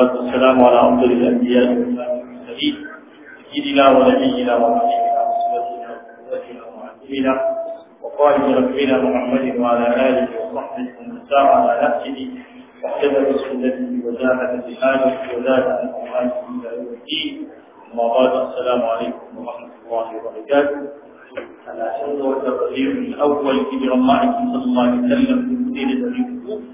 والصلاة والسلام على أفضل الأنبياء والمرسلين سيدنا ونبينا وحبيبنا وصلتنا وقوتنا ومعلمنا وقائد ربنا محمد وعلى آله وصحبه ومن سار على نفسه واحتفل بسنته وزاد بهذه وزاد عن أمواله إلى يوم الدين أما بعد السلام عليكم ورحمة الله وبركاته العشر من الأول كبير الله صلى الله عليه وسلم في مدينة الكوفة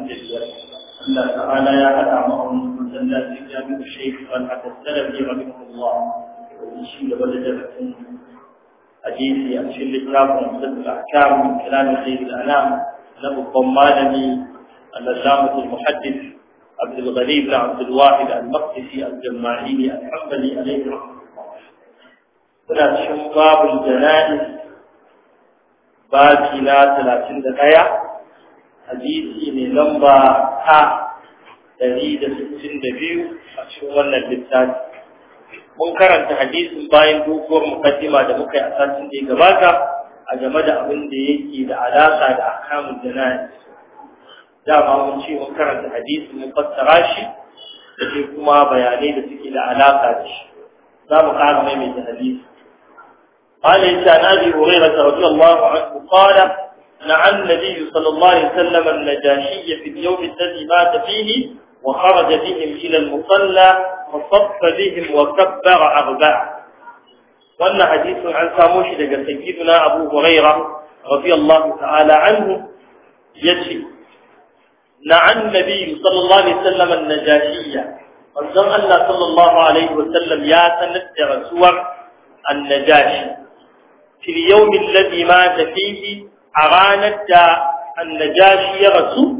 العشر الله تعالى يا أبا عمر من حمزة لا تجد أبو الشيخ قال حتى السلف رحمه الله وشيل ولد لكم حديث يشيل يعني إطلاق ومسد الأحكام من كلام خير الأنام له الضمانني اللزامة المحدث عبد الغريب لعبد الواحد المقدسي الجماعيني الحنبلي عليه رحمه الله ثلاث شقاب الجنائز باقي لا ثلاثين دقائق hadisi ne lamba ta dari da sittin da biyu a cikin wannan littafi mun karanta hadisin bayan doguwar mukaddima da muka yi a satin da gabata a game da abin da yake da alaƙa da akamun jana'i dama mun ce mun karanta hadisi mun fassara shi da ke kuma bayanai da suke da alaƙa da shi za mu ƙara mai mai da hadisi قال إن كان أبي هريرة رضي الله عنه قال لعن النبي صلى الله عليه وسلم النجاشي في اليوم الذي مات فيه وخرج بهم إلى المصلى فصف بهم وكبر أربع وأن حديث عن ساموش لقى سيدنا أبو هريرة رضي الله تعالى عنه يجري لعن النبي صلى الله عليه وسلم النجاشية قد الله صلى الله عليه وسلم يا سنتر سور النجاشي في اليوم الذي مات فيه أغانت النجاشي يغسو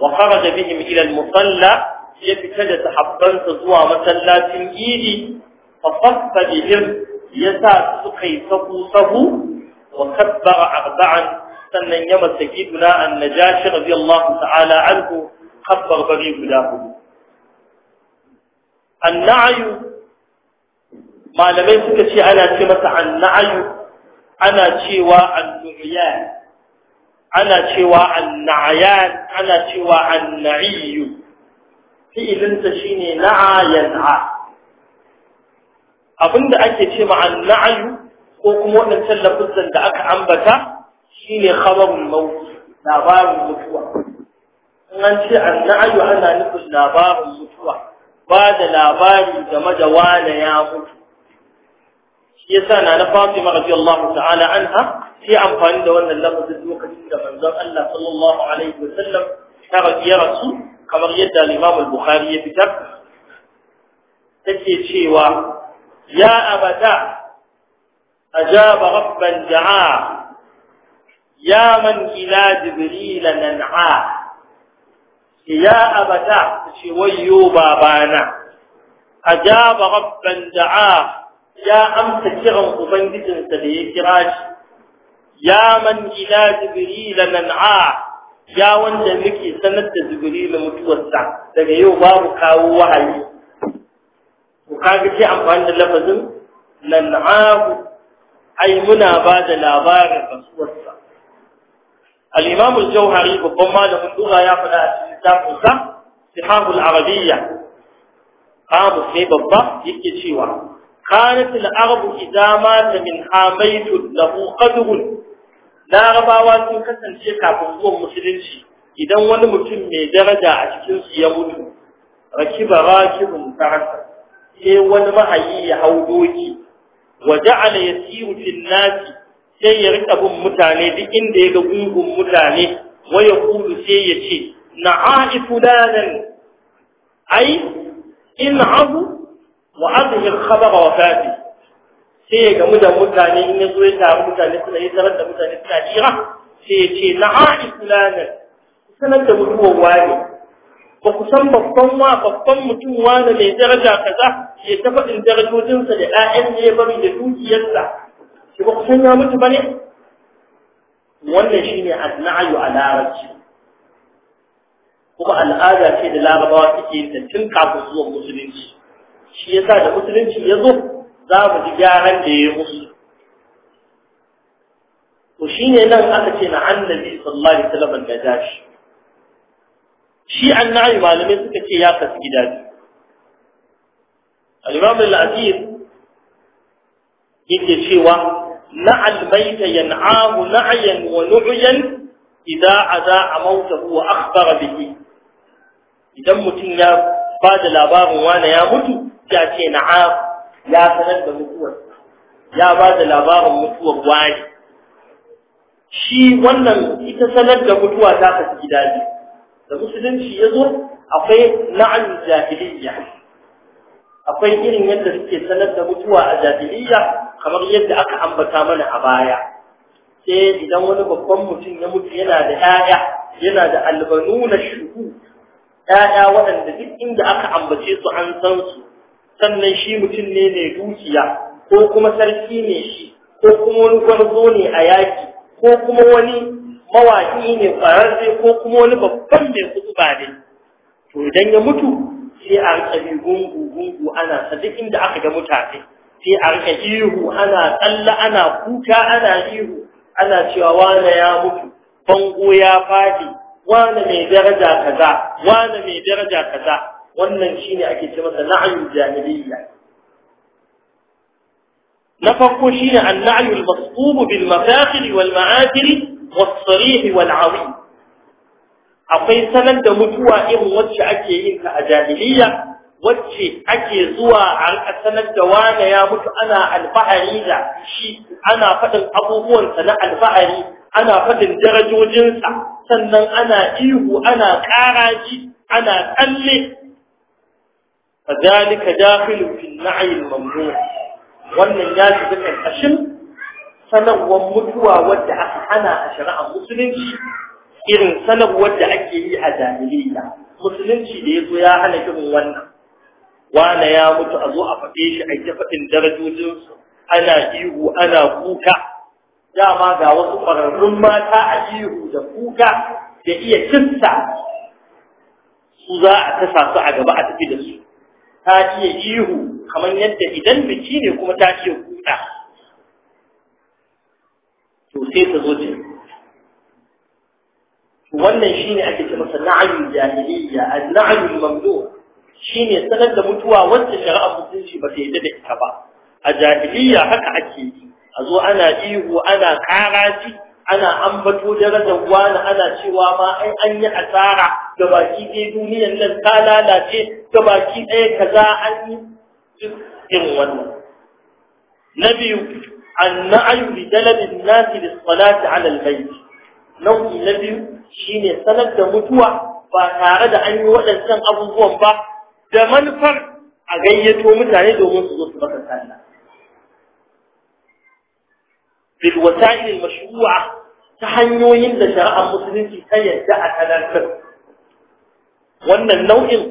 وخرج بهم إلى المصلى يبتد تحبان تزوى مسلا تنجيدي فصف بهم يسا سقي سقوصه وكبر أغدعا سنن يما سكيدنا النجاشي رضي الله تعالى عنه كبر بريب له النعي ما لم يسكشي أنا كمسا النعي أنا شيوى النعيان ana cewa annayan ana cewa anna'iyu fi'ilinta shine na'a abinda ake ce ma annayu ko kuma waɗancan lafuzan da aka ambata shine khabarul maut labarin mutuwa in an ce annayu ana nufin labarin mutuwa ba da labari game da wane ya mutu shi yasa na na Fatima radiyallahu ta'ala anha في أفضل عند وأن الله تدوك جدا من ذلك الله صلى الله عليه وسلم قال يا رسول كما يدى الإمام البخاري بتاك تكيه شيوا يا أبدا أجاب ربا دعا يا من إلى جبريل ننعا يا أبدا شويو بابانا أجاب ربا دعا يا أمسكرا أبنجد سليك راشي ya man ila jibril nan'a ya wanda muke sanar da jibril mutuwarsa daga yau babu kawo wahayi ku kaga ce amfani da lafazin nan'ahu ai muna bada da labarin rasuwarsa al-imam al-jauhari babban malamin lugha ya faɗa a cikin sai babba cewa كانت الأرض إذا مات من حاميت له قدر larabawa sun kasance kafin zuwan musulunci idan wani mutum mai daraja a cikin ya mutu rakiba rakibun tarasa sai wani mahayi ya hau doki wa ja'ala yasiru fil nasi sai ya rika bin mutane duk inda ya ga gungun mutane wa yaqulu sai ya ce na'a fulanan ai in abu wa adhi al khabara wa fati sai ya gamu da mutane in ya zo ya taru mutane suna yi zarar da mutane suna jira sai ya ce na haɗi fulanin sanar da mutuwar wani ba ku san babban wa babban mutum wani mai daraja kaza ya ta faɗin darajojinsa da ɗayan ne bari da dukiyarsa shi ba ku san ya mutu ba ne wannan shi ne a larabci kuma al'ada ce da larabawa suke yin tun kafin zuwan musulunci shi ya sa da musulunci ya zo za mu ji gyaran da ya musu to shine nan aka ce na annabi sallallahu alaihi wasallam da dashi shi annabi malamai suka ce ya kasu gida biyu al-imam al-aziz yake cewa na'al baita yan'ahu na'yan wa nu'yan idza aza mautahu wa akhbara bihi idan mutum ya ba da labarin wani ya mutu ya ce na'am ya sanar da mutuwar, ya ba da labarin mutuwar wani shi wannan ita sanar da mutuwa ta kasu gida ne da musulunci ya zo akwai na'an jahiliya akwai irin yadda suke sanar da mutuwa a jahiliya kamar yadda aka ambata mana a baya sai idan wani babban mutum ya mutu yana da 'ya'ya yana da albanu na shuhu 'ya'ya waɗanda duk inda aka ambace su an san su sannan shi mutum ne mai dukiya ko kuma sarki ne shi ko kuma wani gwarzo ne a yaki ko kuma wani mawaƙi ne ƙwararre ko kuma wani babban mai kuɗi ba ne to idan ya mutu sai a rika gungu ana sa duk inda aka ga mutane sai a rika ihu ana tsalla ana kuka ana ihu ana cewa wane ya mutu bango ya faɗi wane mai daraja kaza wane mai daraja kaza wannan shine ake ce masa na'yul jahiliyya na farko shine an-na'yul masqub bil mafaqir wal ma'akir was wal awi akwai sanar da mutuwa irin wacce ake yin ta a jahiliyya wacce ake zuwa a sanar da wane ya mutu ana alfahari da shi ana faɗin abubuwansa na alfahari ana faɗin darajojinsa sannan ana ihu ana ƙaraji ana tsalle فذلك داخل في النعي الممنوع wannan ya shiga karkashin sanarwar mutuwa wadda aka hana a shari'ar musulunci irin sanarwar da ake yi a jahiliya musulunci da ya zo ya hana irin wannan wane ya mutu a zo a faɗe shi a ta darajojin ana ihu ana kuka dama ga wasu ƙwararrun mata a ihu da kuka da iya cinta su za a tasa su a gaba a tafi da su ta iya ihu kamar yadda idan biki ne kuma ta iya kuta to sai ta zo ta wannan shine ake ce masa na'ayul jahiliya an-na'ayul mamduh shine sanar da mutuwa wacce shari'a mutunci ba ta da ita ba a jahiliyya haka ake a zo ana ihu ana karaji ana ambato darajar wani ana cewa ma ai an yi asara ga baki ɗaya duniyar nan ta lalace ga baki ɗaya kaza an yi irin wannan na biyu anna'ayu bi dalabin nasi da salati ala al nau'i na biyu shine sanar da mutuwa ba tare da an yi waɗancan abubuwan ba da manufar a gayyato mutane domin su zo su maka sallah bil wasa'il mashru'a ta hanyoyin da shari'ar musulunci ta yadda a talantar wannan nau'in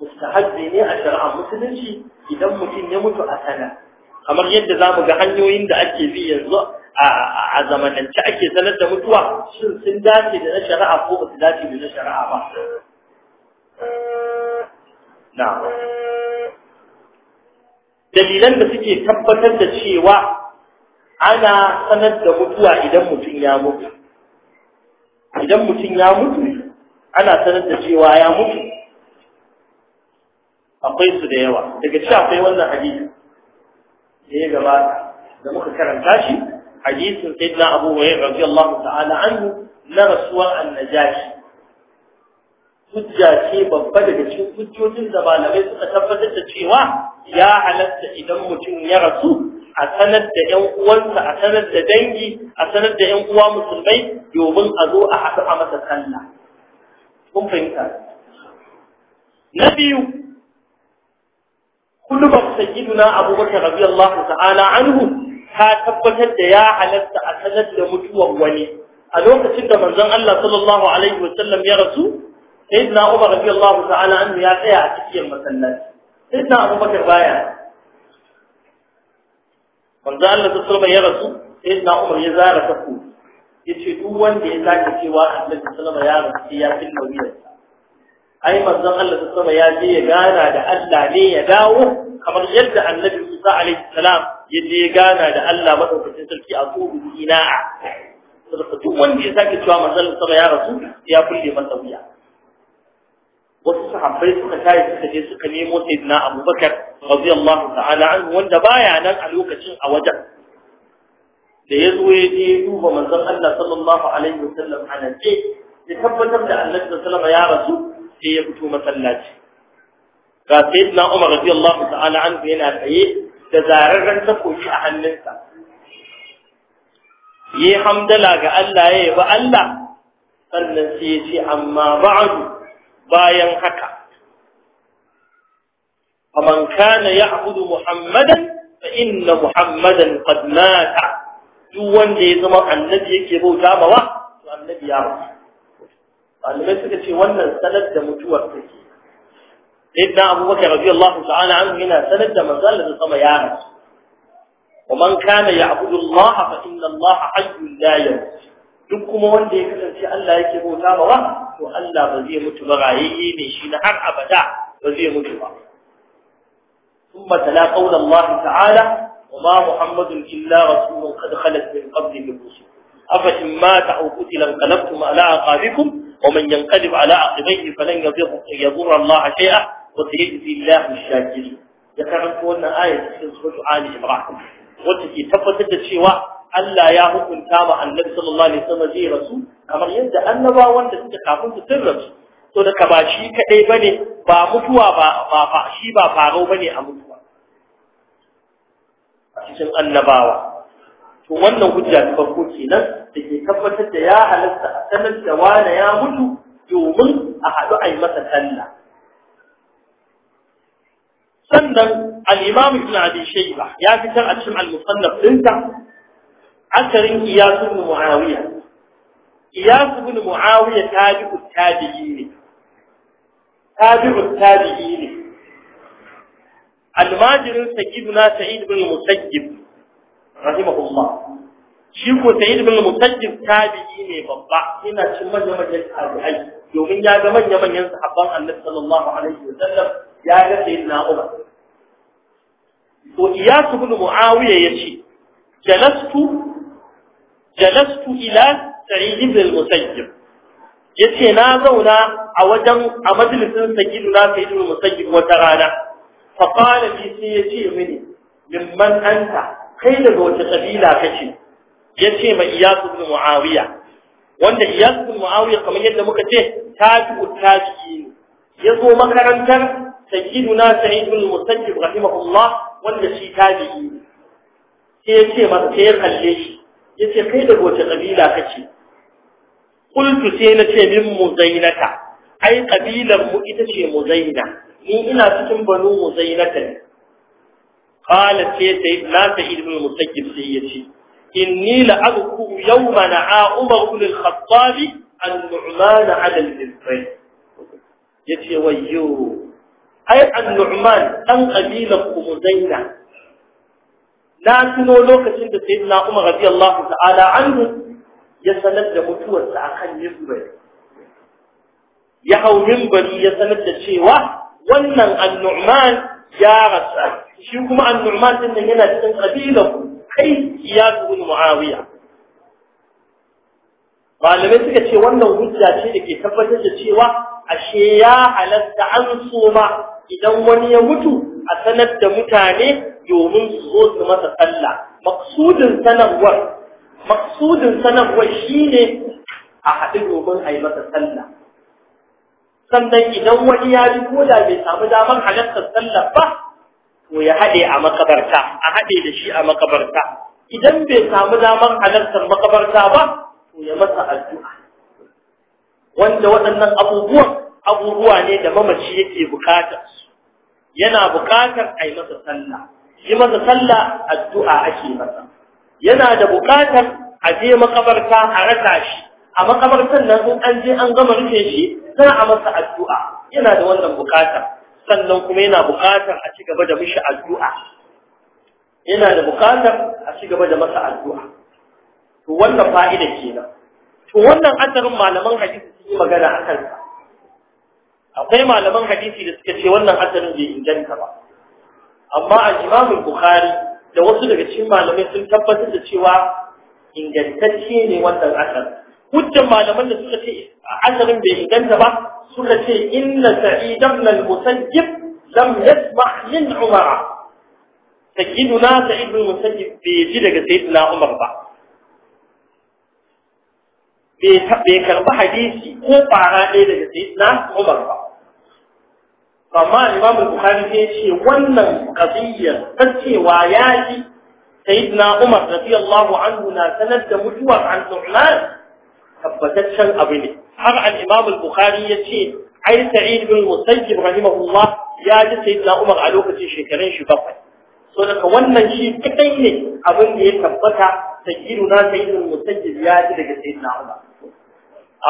mustahabbi ne a shari'ar musulunci idan mutum ya mutu a sana kamar yadda za mu ga hanyoyin da ake bi yanzu a zamanance ake sanar da mutuwa shin sun dace da na shari'a ko ba dace da na shari'a ba dalilan da suke tabbatar da cewa ana sanar da mutuwa idan mutum ya mutu idan mutum ya mutu ana sanar da cewa ya mutu akwai su da yawa daga ci akwai wannan hadisi da ya gabata da muka karanta shi hadisin na abu wa ya rabbi Allah ta'ala anhu na rasuwar annajashi hujja ce babba daga cikin hujjojin da malamai suka tabbatar da cewa ya halatta idan mutum ya rasu a sanar da ƴan uwansa a sanar da dangi a sanar da ƴan uwa musulmai domin a zo a haɗu a masa sallah kun fahimta na biyu kullum sayyiduna abubakar radiyallahu ta'ala anhu ta tabbatar da ya halatta a sanar da mutuwar wani a lokacin da manzon Allah sallallahu alaihi wa sallam ya rasu sayyidina umar radiyallahu ta'ala anhu ya tsaya a cikin masallaci sayyidina abubakar baya manzo Allah ta sallama ya rasu sai na Umar ya zara kafu yace duk wanda ya sake cewa Allah ta sallama ya rasu sai ya fi nauyi ai manzo Allah ta sallama ya je ya gana da Allah ne ya dawo kamar yadda Annabi Musa alaihi salam ya je ya gana da Allah madaukakin sarki a tsohon ina'a saboda duk wanda ya sake cewa manzo Allah ta ya rasu ya kulle masa wuya wasu sahabbai suka tayi suka je suka nemo sayyidina Abubakar radiyallahu ta'ala anhu wanda baya nan a lokacin a wajen da ya zo ya je duba manzon Allah sallallahu alaihi wasallam a nan ce eh, ya tabbatar da Allah sallallahu ya rasu sai ya fito masallaci ga sayyidina Umar radiyallahu ta'ala anhu yana tsaye da zararren takobi a hannunsa yi hamdala ga Allah ya yabi Allah sannan sai ya ce amma ba'du bayan haka فمن كان يعبد محمدا فإن محمدا قد مات duk wanda ya zama annabi yake bauta mawa to annabi ya mutu malamai suka ce wannan sanar da mutuwar take sayyidina abubakar radiyallahu ta'ala anhu yana sanar da manzo Allah sama ya mutu wa man kana ya'budu fa duk kuma wanda ya kasance Allah yake bauta mawa to Allah ba zai mutu ba rayayye ne shi na har abada ba zai mutu ba ثم تلا قول الله تعالى وما محمد إلا رسول قد خلت من قبله الرسل أفتم مات أو قتل انقلبتم على عقابكم ومن ينقلب على عقبيه فلن يضر, يضر الله شيئا وسيجزي الله الشاكرين ya karanto wannan aya cikin suratu Ali Imran wacce ke tabbatar da cewa Allah ya hukunta ma Annabi sallallahu alaihi wasallam zai rasu kamar yadda annabawan da suka kafin su sun rasu to da ka ba shi kadai bane ba mutuwa ba ba shi ba faro bane a mutuwa a cikin annabawa to wannan hujja ta farko kenan da ke tabbatar da ya halatta a sanar da wani ya mutu domin a haɗu a yi masa talla sannan al-imam ibn abi shayba ya fitar a cikin al-musannaf dinka akarin Iyasu ibn muawiya Iyasu ibn muawiya tabi'u tabi'i ne tabi'u tabi'i ne almajirin sayyiduna sa'id bin musajjib rahimahullah shi ko sa'id bin musajjib tabi'i ne babba yana cin manyan manyan tabi'ai domin ya ga manyan manyan sahabban annabi sallallahu alaihi wa sallam ya ga sayyidina umar to iyas ibn muawiya yace jalastu jalastu ila sa'id bin musajjib Ya ce na zauna a wajen a majalisin sakidu na sayyidul musayyib wata rana fa qala bi sai ce mini mimman anta kai daga wata kabila kace yace ma iyas ibn muawiya wanda iyas ibn muawiya kamar yadda muka ce tabi'u tabi'i ya zo makarantar sakidu na sayyidul musayyib rahimahullah wanda shi tabi'i sai yace masa sai ya kalle shi Ya ce kai daga wata kabila kace qultu sai na ce min muzainata ai kabilar mu ita ce muzaina ni ina cikin banu muzainata ne qala sai sai na sai ibn musayyib sai yace inni la azkuru yawma na'a umar ibn al-khattab an-nu'man 'ala al-israil yace wayyo ai an-nu'man dan kabilar ku muzaina na tuno lokacin da sayyidina umar radiyallahu ta'ala anhu ya sanar da mutuwarsa a kan mimbari ya hau mimbari ya sanar da cewa wannan annu'man ya rasa shi kuma annu'man din nan yana cikin kabilar kai ya zuwa muawiya malamai suka ce wannan hujja ce da ke tabbatar da cewa ashe ya halatta an soma idan wani ya mutu a sanar da mutane domin su zo su masa sallah maksudin sanarwar maksudin sanarwar shine a haɗu domin a yi masa sallah sannan idan wani ya ji ko da bai samu damar halartar sallah ba to ya haɗe a makabarta a haɗe da shi a makabarta idan bai samu damar halartar makabarta ba to ya masa addu'a wanda waɗannan abubuwan abubuwa ne da mamaci yake bukatar su yana bukatar a yi masa sallah yi masa sallah addu'a ake masa yana da buƙatar a je makabarta a rasa shi a makabartar nan in an je an gama rufe shi za a masa addu'a yana da wannan buƙatar sannan kuma yana buƙatar a ci gaba da mishi addu'a yana da buƙatar a ci gaba da masa addu'a to wannan fa'ida kenan to wannan asarin malaman hadisi sun yi magana a kansa akwai malaman hadisi da suka ce wannan asarin bai inganta ba amma al-Imam Bukhari da wasu daga cikin malamai sun tabbatar da cewa ingantacce ne wannan asar hujjar malaman da suka ce asarin bai inganta ba suka ce inna sa'id ibn al-musayyib lam yasma' min umar sayyiduna sa'id ibn bai ji daga sayyidina umar ba bai karba hadisi ko fara ɗaya daga sayyidina umar ba amma imam al-bukhari sai ya ce wannan qadiyya ta cewa yaji sayyidina umar radiyallahu anhu na sanar da mutuwar an-nu'man tabbataccen abu ne har al-imam bukhari ya ce ai sa'id bin musayyib rahimahullah ya ji sayyidina umar a lokacin shekarun shi bakwai so daga wannan shi kadai ne abin da ya tabbata sayyiduna sayyidul musayyib ya ji daga sayyidina umar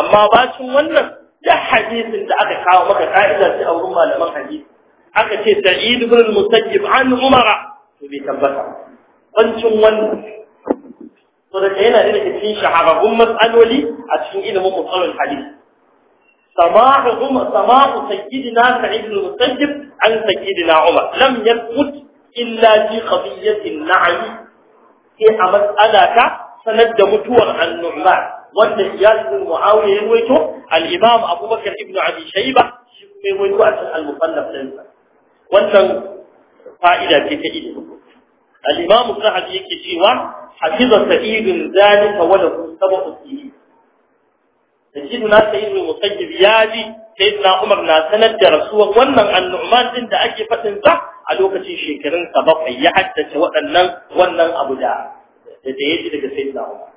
amma bacin wannan duk hadisin da aka kawo maka ka'ida ce a wurin malaman hadisi aka ce sa'id ibn al-musayyib an umara to bai tabbata bancin wannan to da yana da cikin shahararrun matsaloli a cikin ilimin musalul hadisi سماع عمر سماع سيدنا سعيد المسيب عن سيدنا عمر لم يثبت إلا في قضية a في مسألة da mutuwar النعمان wanda Iyad ibn Muawiya ya ruwaito al-Imam Abu Bakar ibn Abi Shayba shi kuma ya ruwaito a cikin al-Mufallaf din wannan fa'ida ce ta ilimi al-Imam Zahabi yake cewa hafiza sa'idun zalika wa lahu sab'u sinin sayyiduna sayyidul ya yaji sayyidina Umar na sanar da rasuwar wannan annu'man din da ake fadin sa a lokacin shekarun sa bakwai ya haddace waɗannan wannan abu da da ji daga sayyidina Umar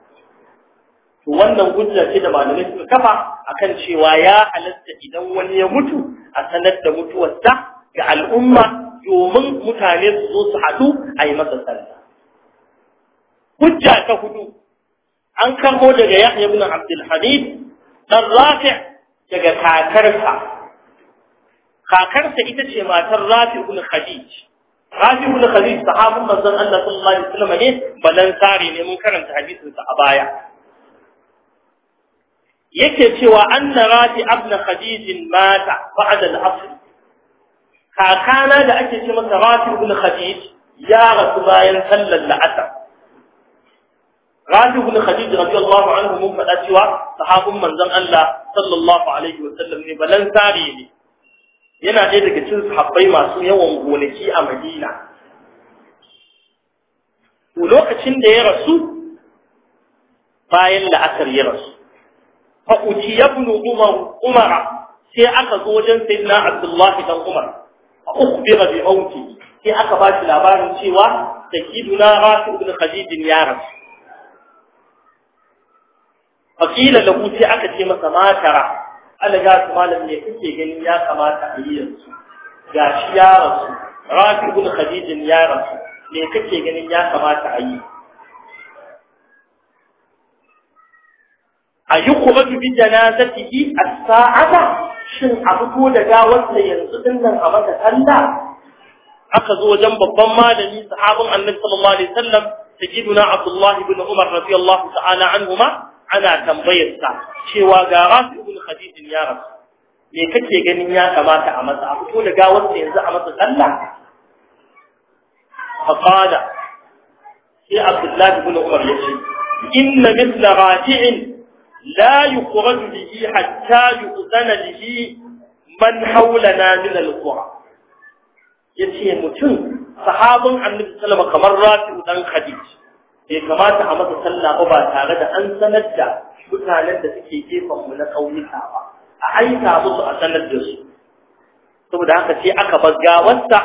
to wannan hujja ce da malamai suka kafa akan cewa ya halatta idan wani ya mutu a sanar da mutuwarsa ga al'umma domin mutane su zo su haɗu a yi masa sallah hujja ta hudu an karbo daga Yahya ibn Abdul Hamid dan Rafi daga kakarsa kakarsa ita ce matar Rafi ibn Khadij Rafi ibn Khadij sahabin manzon Allah sallallahu alaihi wasallam ne balan sare ne mun karanta hadisin a baya yake cewa an na rafi abna khadijin mata ba'da al-asr kakana da ake ce masa rafi ibn khadij ya rasu bayan sallar la'asar rafi ibn khadij radiyallahu anhu mun faɗa cewa sahabin manzon Allah sallallahu alaihi wa sallam ne balan sari ne yana ɗaya daga cikin sahabbai masu yawan gonaki a Madina to lokacin da ya rasu bayan la'asar ya rasu fa uti ibn umar umar sai aka zo wajen sayyidina abdullahi dan umar fa ukhbira bi mauti sai aka ba shi labarin cewa sayyiduna rafi ibn khadij ya rasu fakila lahu sai aka ce masa matara Allah ya su malam ne kake ganin ya kamata a yi yanzu ga shi ya rasu rafi ibn khadij ya rasu ne kake ganin ya kamata a yi a yi kuratu bi janazatihi as-sa'ata shin a fito da gawarsa yanzu din nan a mata talla aka zo wajen babban malami sahabin annabi sallallahu alaihi wasallam sayyiduna abdullahi ibn umar radiyallahu ta'ala anhuma ana tambayar sa cewa ga rafi ibn khadij ya rasu me kake ganin ya kamata a masa a fito da gawarsa yanzu a masa talla faqala sai abdullahi ibn umar yace inna mithla rafi'in لا يخرج به حتى يؤذن به man haulana min al-qura yace mutum sahabin annabi sallama kamar rafi'u dan khadij bai kamata a masa sallah ba ba tare da an sanar da mutanen da suke gefen mu na kauyuka ba a aika musu a sanar da su saboda haka sai aka bazgawarsa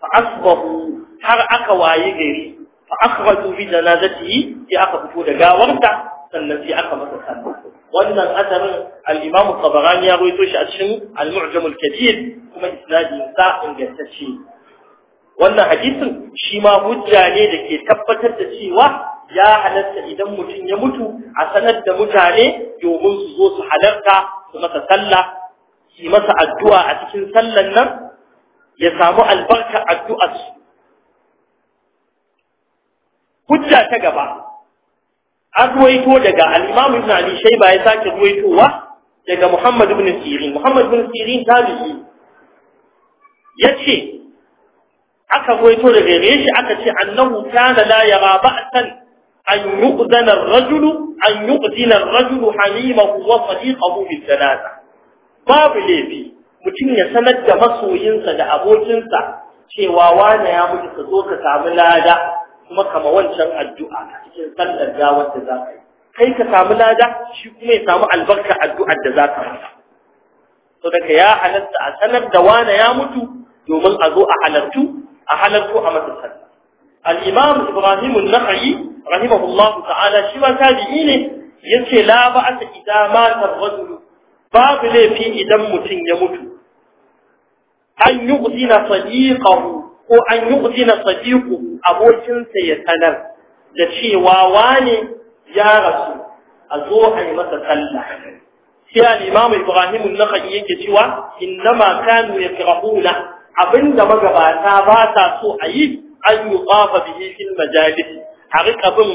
fa asbahu har aka waye gari fa akhraju bi janazatihi sai aka fito da gawarta sannan sai aka masa sallah wannan asarin al-Imam Tabarani ya rawaito shi a cikin al-Mu'jam al-Kabir kuma isnadin sa ingantacce wannan hadisin shi ma hujja ne da ke tabbatar da cewa ya halatta idan mutum ya mutu a sanar da mutane domin su zo su halarta su masa sallah su masa addu'a a cikin sallan nan ya samu albarka addu'ar su hujja ta gaba an ruwaito daga al-Imam Ibn Ali ba ya sake ruwaitowa daga Muhammad ibn Sirin Muhammad ibn Sirin tabi'i yace aka ruwaito daga gare shi aka ce annahu kana la yara ba'san an yuqdana ar-rajul an yuqdina ar-rajul halimahu wa sadiqahu bil janaza babu laifi mutum ya sanar da masoyinsa da abokinsa cewa wani ya mutu ka zo ka samu lada kuma kama wancan addu'a a cikin sallar gawar da za ka yi kai ka samu lada shi kuma ya samu albarka addu'ar da za ka masa to daga ya halatta a sanar da wani ya mutu domin a zo a halartu a halartu a masa sallah al-imam ibrahim an-nakhai rahimahullah ta'ala shi ma tabi'i ne yace la ba'sa idza mata ar babu laifi idan mutum ya mutu an yuqdina sadiqahu ko an yuqdina sadiquhu abokinsa ya sanar da cewa wani ya rasu a zo a yi masa sallah sai al-imam Ibrahim an-Nakhai yake cewa innama kanu yakrahuna abinda magabata ba ta so a yi an yuqafa bihi fil majalis a rika bin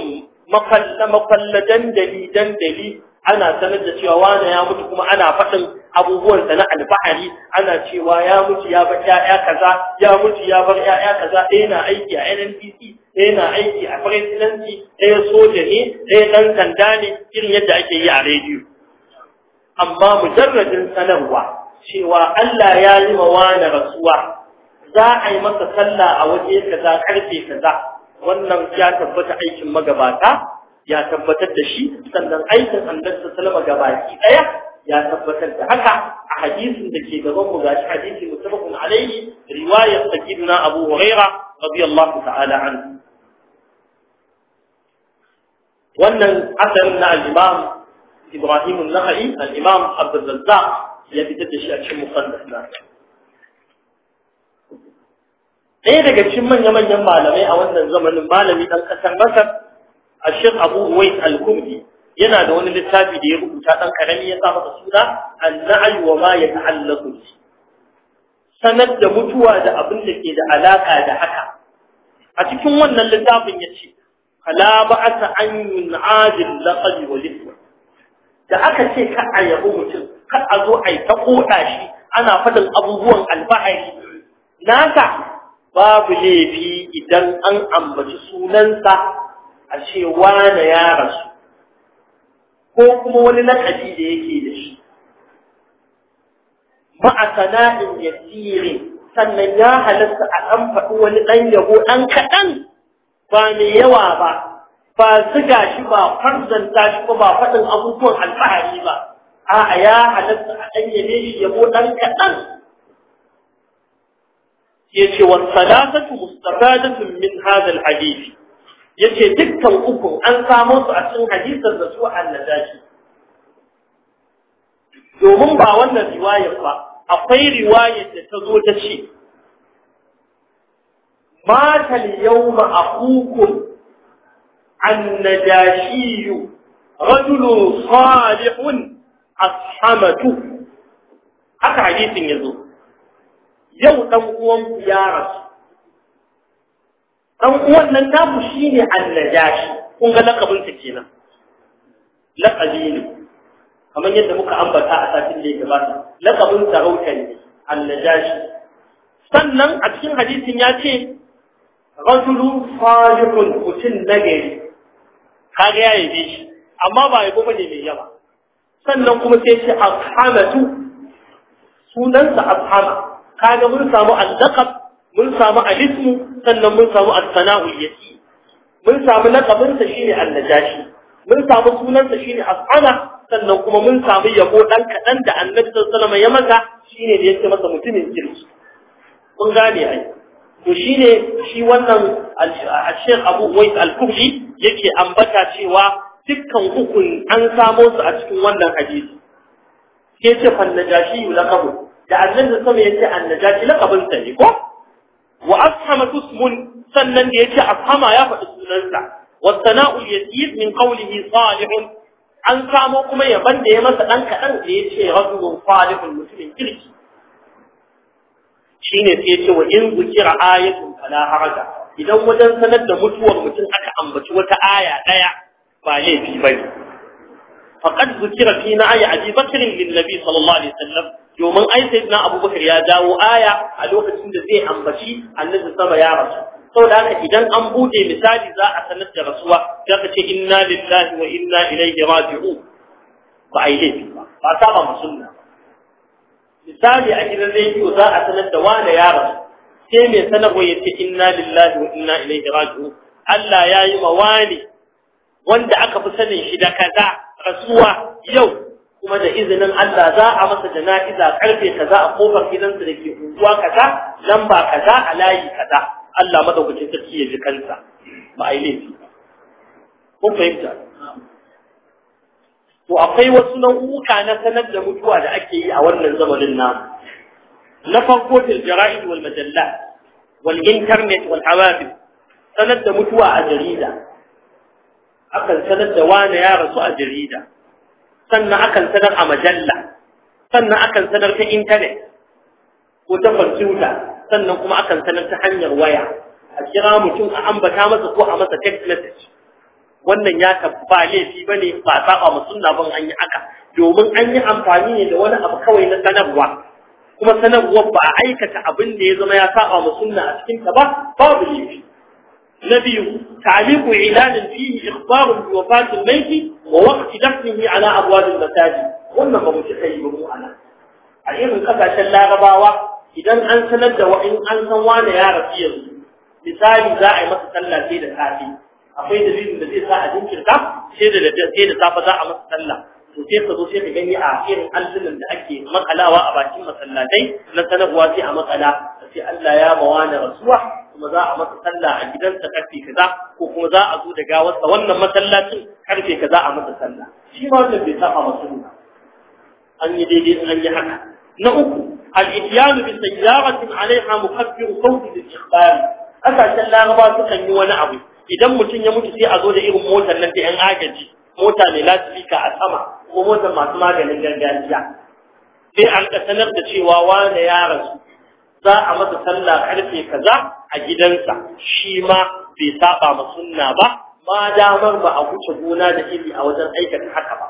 makalla makalla dandali dandali ana sanar da cewa wani ya mutu kuma ana faɗin abubuwansa na alfahari ana cewa ya mutu ya bar ƴaƴa kaza ya mutu ya bar yaya kaza ɗaya na aiki a NNPC ɗaya na aiki a presidency ɗaya soja ne ɗaya ɗan sanda ne irin yadda ake yi a rediyo amma mujarradin sanarwa cewa Allah ya yi wani rasuwa za a yi masa sallah a waje kaza karfe kaza wannan ya tabbata aikin magabata ya tabbatar da shi sannan aikin annabi sallallahu alaihi wasallam gabaki daya ya tabbatar da haka a hadisin da ke gaban mu gashi hadisi muttafaqun alayhi riwayar sayyidina Abu Hurairah radiyallahu ta'ala anhu wannan asarin na al-Imam Ibrahim an-Nakhai al-Imam Abdul Razzaq ya fitar da shi a cikin musannaf na ɗaya daga cikin manya-manyan malamai a wannan zamanin malami ɗan ƙasar Masar a Sheikh Abu Uwais al-Kumdi yana da wani littafi da ya rubuta dan karami ya sa masa suna an-na'yu wa ma yata'allaqu bi da mutuwa da abin da ke da alaka da haka a cikin wannan littafin yace fala ba'ata an yun'adil laqab wa da aka ce ka a yabo mutum ka a zo ai ta koda shi ana fadin abubuwan alfahari naka babu laifi idan an ambaci sunansa a ce wane ya rasu ko kuma wani lakabi da yake da shi ma'a sana'in yasiri sannan ya halatta a ɗan faɗi wani ɗan yabo ɗan kaɗan ba mai yawa ba ba ziga shi ba farzanta shi ba ba faɗin abubuwan alfahari ba a'a ya halatta a ɗan yabe shi yabo ɗan kaɗan ya ce wa salatatu mustafadatun min hadal hadisi yace dukkan uku an samu su a cikin hadisin da su annajashi domin ba wannan riwayar ba akwai riwayar da ta zo ta ce ma ta yawma akhukum annajashi rajul salih ashamatu haka hadisin yazo yau dan uwanku ya rasu dan uwan nan naku shine annajashi kun ga lakabin sa kenan lakabi ne kamar yadda muka ambata a satin da ya gabata lakabin sarauta ne annajashi sannan a cikin hadisin ya ce rajulu salihun mutum nagari kaga ya yi shi amma ba ya yabo ne mai yawa sannan kuma sai ce ashamatu sunansa ashama kaga mun samu al-laqab mun samu alismu sannan mun samu al-sana'u yati mun samu laqabin sa shine al mun samu sunan sa shine as'ana sannan kuma mun samu yabo dan kadan da annabi sallallahu ya maka shine da yake masa mutumin kirki kun gane ai to shine shi wannan al-Sheikh Abu Uwais al-Kufi yake ambata cewa dukkan ukun an samo su a cikin wannan hadisi ke ce fa najashi laqabu da annabi sallallahu alaihi wasallam yace annajashi laqabin sa ne ko wa ashama ismun sannan da yace ashama ya faɗi sunansa wa sana'ul yasir min qawlihi salihun an samo kuma yaban da ya masa dan kadan da yace rajulun salihun mutumin kirki shine sai yace wa in zikira ayatun fala haraja idan wajen sanar da mutuwar mutum aka ambaci wata aya daya ba laifi bane faqad zikira fi na'i abi bakr lin nabi sallallahu alaihi wasallam domin ai sai na abubakar ya dawo aya a lokacin da zai ambaci annabi sama ya rasu saboda haka idan an bude misali za a sanar da rasuwa za ka ce inna lillahi wa inna ilaihi raji'u ba a yi laifi ba ba ta ba musulma misali a gidan rediyo za a sanar da wane ya rasu sai mai sanarwa ya ce inna lillahi wa inna ilaihi raji'u Allah ya yi ma wani wanda aka fi sanin shi da kaza rasuwa yau kuma da izinin Allah za a masa jana'iza karfe kaza a kofar gidansa da ke unguwa kaza lamba kaza a layi kaza Allah madaukakin sarki ya ji kansa ba a yi laifi kun fahimta to akwai wasu nau'uka na sanar da mutuwa da ake yi a wannan zamanin namu na farko fil jara'id wal majallat wal internet wal hawadith sanar da mutuwa a jarida akan sanar da wani ya rasu a jarida sannan akan sanar a majalla sannan akan sanar ta intanet ko ta kwamfuta sannan kuma akan sanar ta hanyar waya a kira mutum a ambata masa ko a masa text message wannan ya tabba laifi ba ne ba saba ma sunna ban an yi aka domin an yi amfani ne da wani abu kawai na sanarwa kuma sanarwa ba a aikata abin da ya zama ya saba ma sunna a cikin ta ba babu laifi نبي تعليق إعلان فيه إخبار بوفاة الميت ووقت دفنه على أبواب المساجد wannan ba mu ci kai ba mu ana a irin kasashen larabawa idan an sanar da wa'in an san wani ya rafi yanzu misali za a yi masa sallah sai da safe akwai dalilin da zai sa a jinkirta sai da sai da safe za a masa sallah to sai ka zo sai ka gani a irin allunan da ake makalawa a bakin masallatai na sanarwa sai a makala sai Allah ya mawana rasuwa kuma za a masa sallah a gidansa karfe kaza ko kuma za a zo da gawarsa wannan masallacin karfe kaza a masa sallah shi ma wannan bai saba masu an yi daidai an yi haka na uku al-ihyanu bi sayyaratin alaiha mukaffiru sawti al-ikhbari kasashen laraba sukan yi wani abu idan mutum ya mutu sai a zo da irin motar nan ta yan agaji mota mai lasifika a sama ko motar masu maganin gargajiya sai an sanar da cewa wane ya rasu za a masa sallah karfe kaza a gidansa shi ma bai saba ma sunna ba ma damar ba a wuce gona da iri a wajen aikata haka ba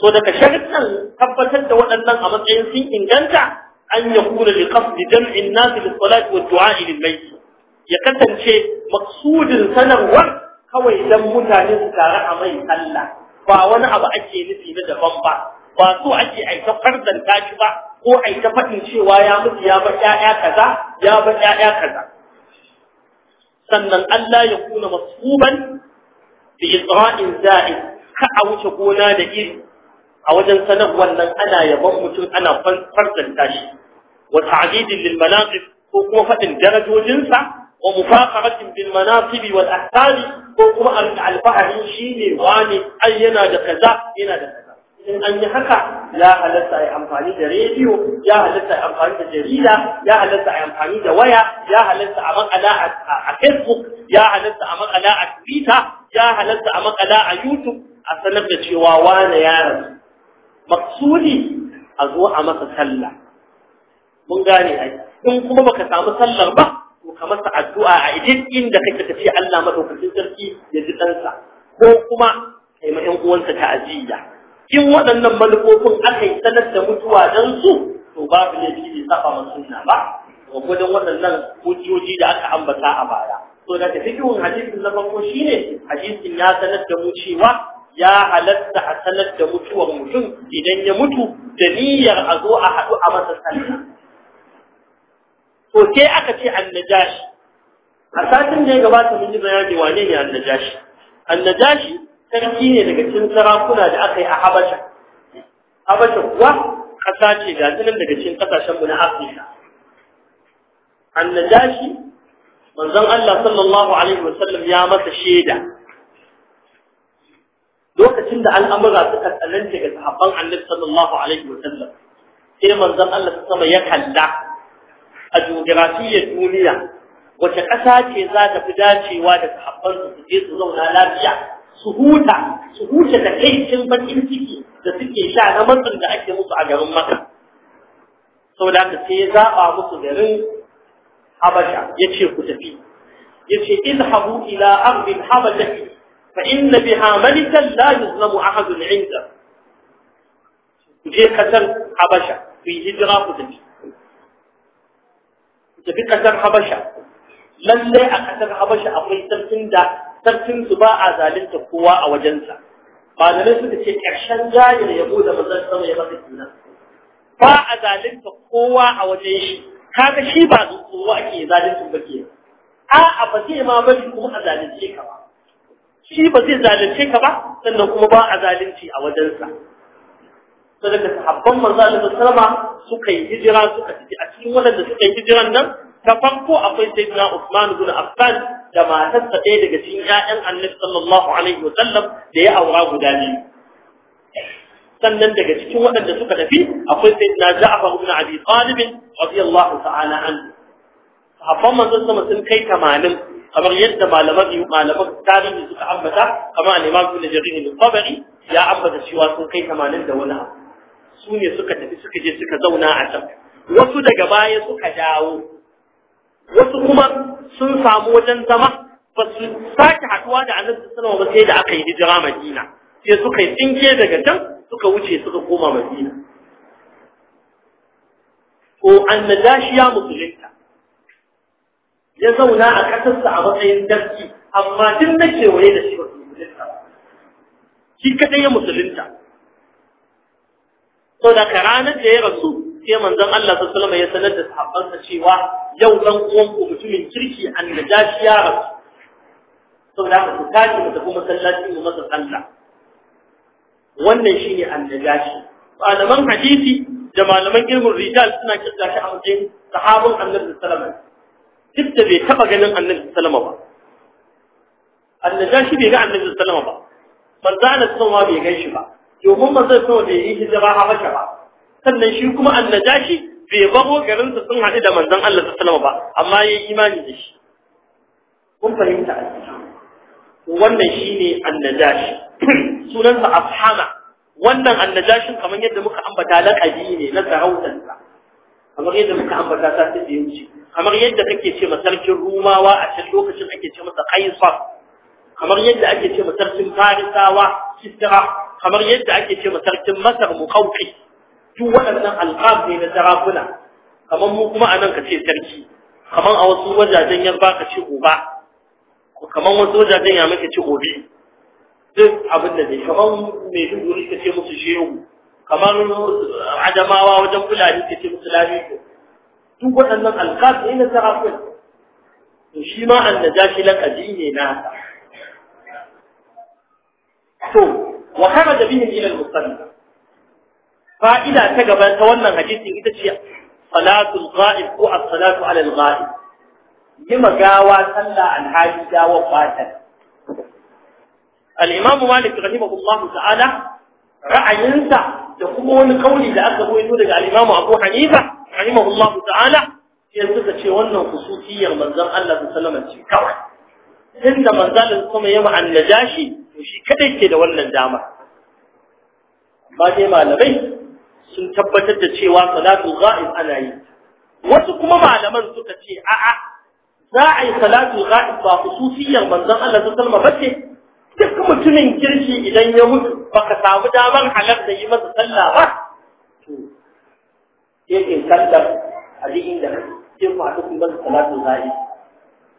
so daga sharuɗan tabbatar da waɗannan a matsayin sun inganta an ya kula da kafin jam'in nasu da salatu wa du'a'i lil ya kasance maksudin sanarwar kawai dan mutane su tare a mai sallah ba wani abu ake nufi na daban ba ba so ake aika farzanta shi ba ko aika faɗin cewa ya mutu ya ba 'ya'ya kaza ya bar 'ya'ya kaza sannan Allah ya kuna masuban bi isra'in za'i ka a wuce gona da iri a wajen sanar wannan ana yaban mutum ana farzanta shi wa ta'didin lil manaqib ko kuma fadin darajojinsa wa mufaqaratin bil manaqib wal ahsani ko kuma al-fahari shine wani ai yana da kaza yana da kaza in an yi haka ya halatta a yi amfani da rediyo ya halatta a yi amfani da jarida ya halatta a yi amfani da waya ya halatta a makala a facebook ya halatta a makala a twitter ya halatta a makala a youtube a sanar da cewa wane ya rasu maksudi a zo a masa sallah mun gane ai in kuma baka samu sallar ba to ka masa addu'a a idan inda kake ka ce Allah madaukakin sarki ya ji ɗansa ko kuma kai ma ƴan uwansa ajiya? in waɗannan manufofin aka yi sanar da mutuwa don su to babu ne shi ne saba man sunna ba gwagwadon waɗannan hujjoji da aka ambata a baya to da ta fikihun hadisin na farko shine hadisin ya sanar da mu ya halatta a sanar da mutuwar mutum idan ya mutu da niyyar a zo a haɗu a masa sallah to sai aka ce annajashi a satin da ya gabata mun ji bayani wane ne annajashi annajashi sarki ne daga cikin sarakuna da aka yi a Habasha Habasha kuwa ƙasa ce ga tunan daga cikin ƙasashen mu na Afirka annajashi manzon Allah sallallahu alaihi wasallam ya masa shaida lokacin da al'amura suka tsananta ga sahabban Annabi sallallahu alaihi wasallam sai manzon Allah sama ya kalla a geografiyar duniya wace ƙasa ce za ta fi dacewa da sahabban su je su zauna lafiya su huta su huce da kaicin bakin ciki da suke sha na matsin da ake musu a garin maka sau da sai ya zaɓa musu garin habasha ya ce ku tafi ya ce Habu ila ardin habasha fa inna biha malikan la yuzlamu ahadun inda ku je kasar habasha ku yi hijira ku tafi ku tafi kasar habasha lallai a kasar habasha akwai sarkin da sarkin su ba a zalunta kowa a wajensa malamai suka ce ƙarshen jari da yabo da mazan sama ya masa kenan ba a zalunta kowa a wajen shi kaga shi ba kowa ake zalunta ba ke a'a ba zai ma bari kuma a zalunce ka ba shi ba zai zalunce ka ba sannan kuma ba a zalunci a wajensa sai daga sahabban manzo Allah sallama suka yi hijira suka tafi a cikin wannan da suka yi hijiran nan ta farko akwai sayyidina Uthman ibn Affan da matarsa ɗaya daga cikin ƴaƴan annabi sallallahu alaihi wa sallam da ya aura guda biyu sannan daga cikin waɗanda suka tafi akwai sayyidina Ja'far ibn Abi Talib radiyallahu ta'ala anhu sahabban manzon sama sun kai 80 kamar yadda malaman malaman tarihi suka ambata kamar al-Imam Ibn Jarir al-Tabari ya ambata cewa sun kai 80 da wani abu su ne suka tafi suka je suka zauna a can wasu daga baya suka dawo wasu kuma sun samu wajen zama ba su sake haɗuwa da annabi sallallahu alaihi wasallam ba sai da aka yi hijira Madina sai suka yi tsinke daga can suka wuce suka koma Madina ko annajashi ya musulunta ya zauna a ƙasarsa a matsayin dafi amma tun da kewaye da shi ba su musulunta shi kaɗai ya musulunta sau da ranar da ya rasu sai manzon Allah sallallahu alaihi wasallam ya sanar da sahabbansa cewa yau dan uwan ku mutumin kirki annajashi ya rasu haka ku tashi mu tafi masallaci mu masa sallah wannan shine annajashi malaman hadisi da malaman ilmin rijal suna kirga shi a matsayin sahabban annabi sallallahu alaihi wasallam duk da bai taba ganin annabi sallallahu alaihi wasallam ba annajashi bai ga annabi sallallahu alaihi wasallam ba manzo Allah sallallahu alaihi wasallam bai gan ba domin manzo sallallahu alaihi wasallam bai yi hijira Habasha ba sannan shi kuma annajashi bai baro garinsa sun haɗu da manzon Allah sallallahu ba amma ya yi imani da shi kun fahimta wannan shi ne annajashi sunansa afhama wannan annajashin kamar yadda muka ambata laƙabi ne na sarautarsa kamar yadda muka ambata ta ta wuce kamar yadda kake ce masarkin rumawa a cikin lokacin ake ce masa kaisar kamar yadda ake ce masarkin farisawa kisra kamar yadda ake ce masarkin masar muqawqi duk waɗannan alƙab ne na sarakuna kamar mu kuma anan ka ce sarki kamar a wasu wajajen ya baka ce uba kamar wasu wajajen ya muke ce obi duk abin da dai kamar mai duguri ka ce musu shehu kamar adamawa wajen fulani ka ce musu lamiko duk waɗannan alƙab ne na sarakuna to shi ma shi lakabi ne na to wa da bihim ila al-musalla fa'ida ta gaba ta wannan hadisin ita ce salatul ghaib ko as-salatu ala al-ghaib Yima gawa sallah alhaji gawa fatan al-imam malik rahimahullahu ta'ala ra'ayinsa da kuma wani kauli da aka rawaito daga al-imam abu hanifa rahimahullahu ta'ala sai suka ce wannan khususiyar manzon Allah sallallahu alaihi wasallam ce kawai inda manzalin kuma ya ma'annaja shi to shi kadai ke da wannan dama ba dai malamai sun tabbatar da cewa Salatu ghaib ana yi wasu kuma malaman suka ce a'a za a yi Salatu ghaib ba hususiyar manzon Allah sallallahu alaihi wasallam ce? duk mutumin kirki idan ya mutu baka samu damar halarta yi masa sallah ba to sai in sallar a duk inda sai ku haɗu kun masa salatul ghaib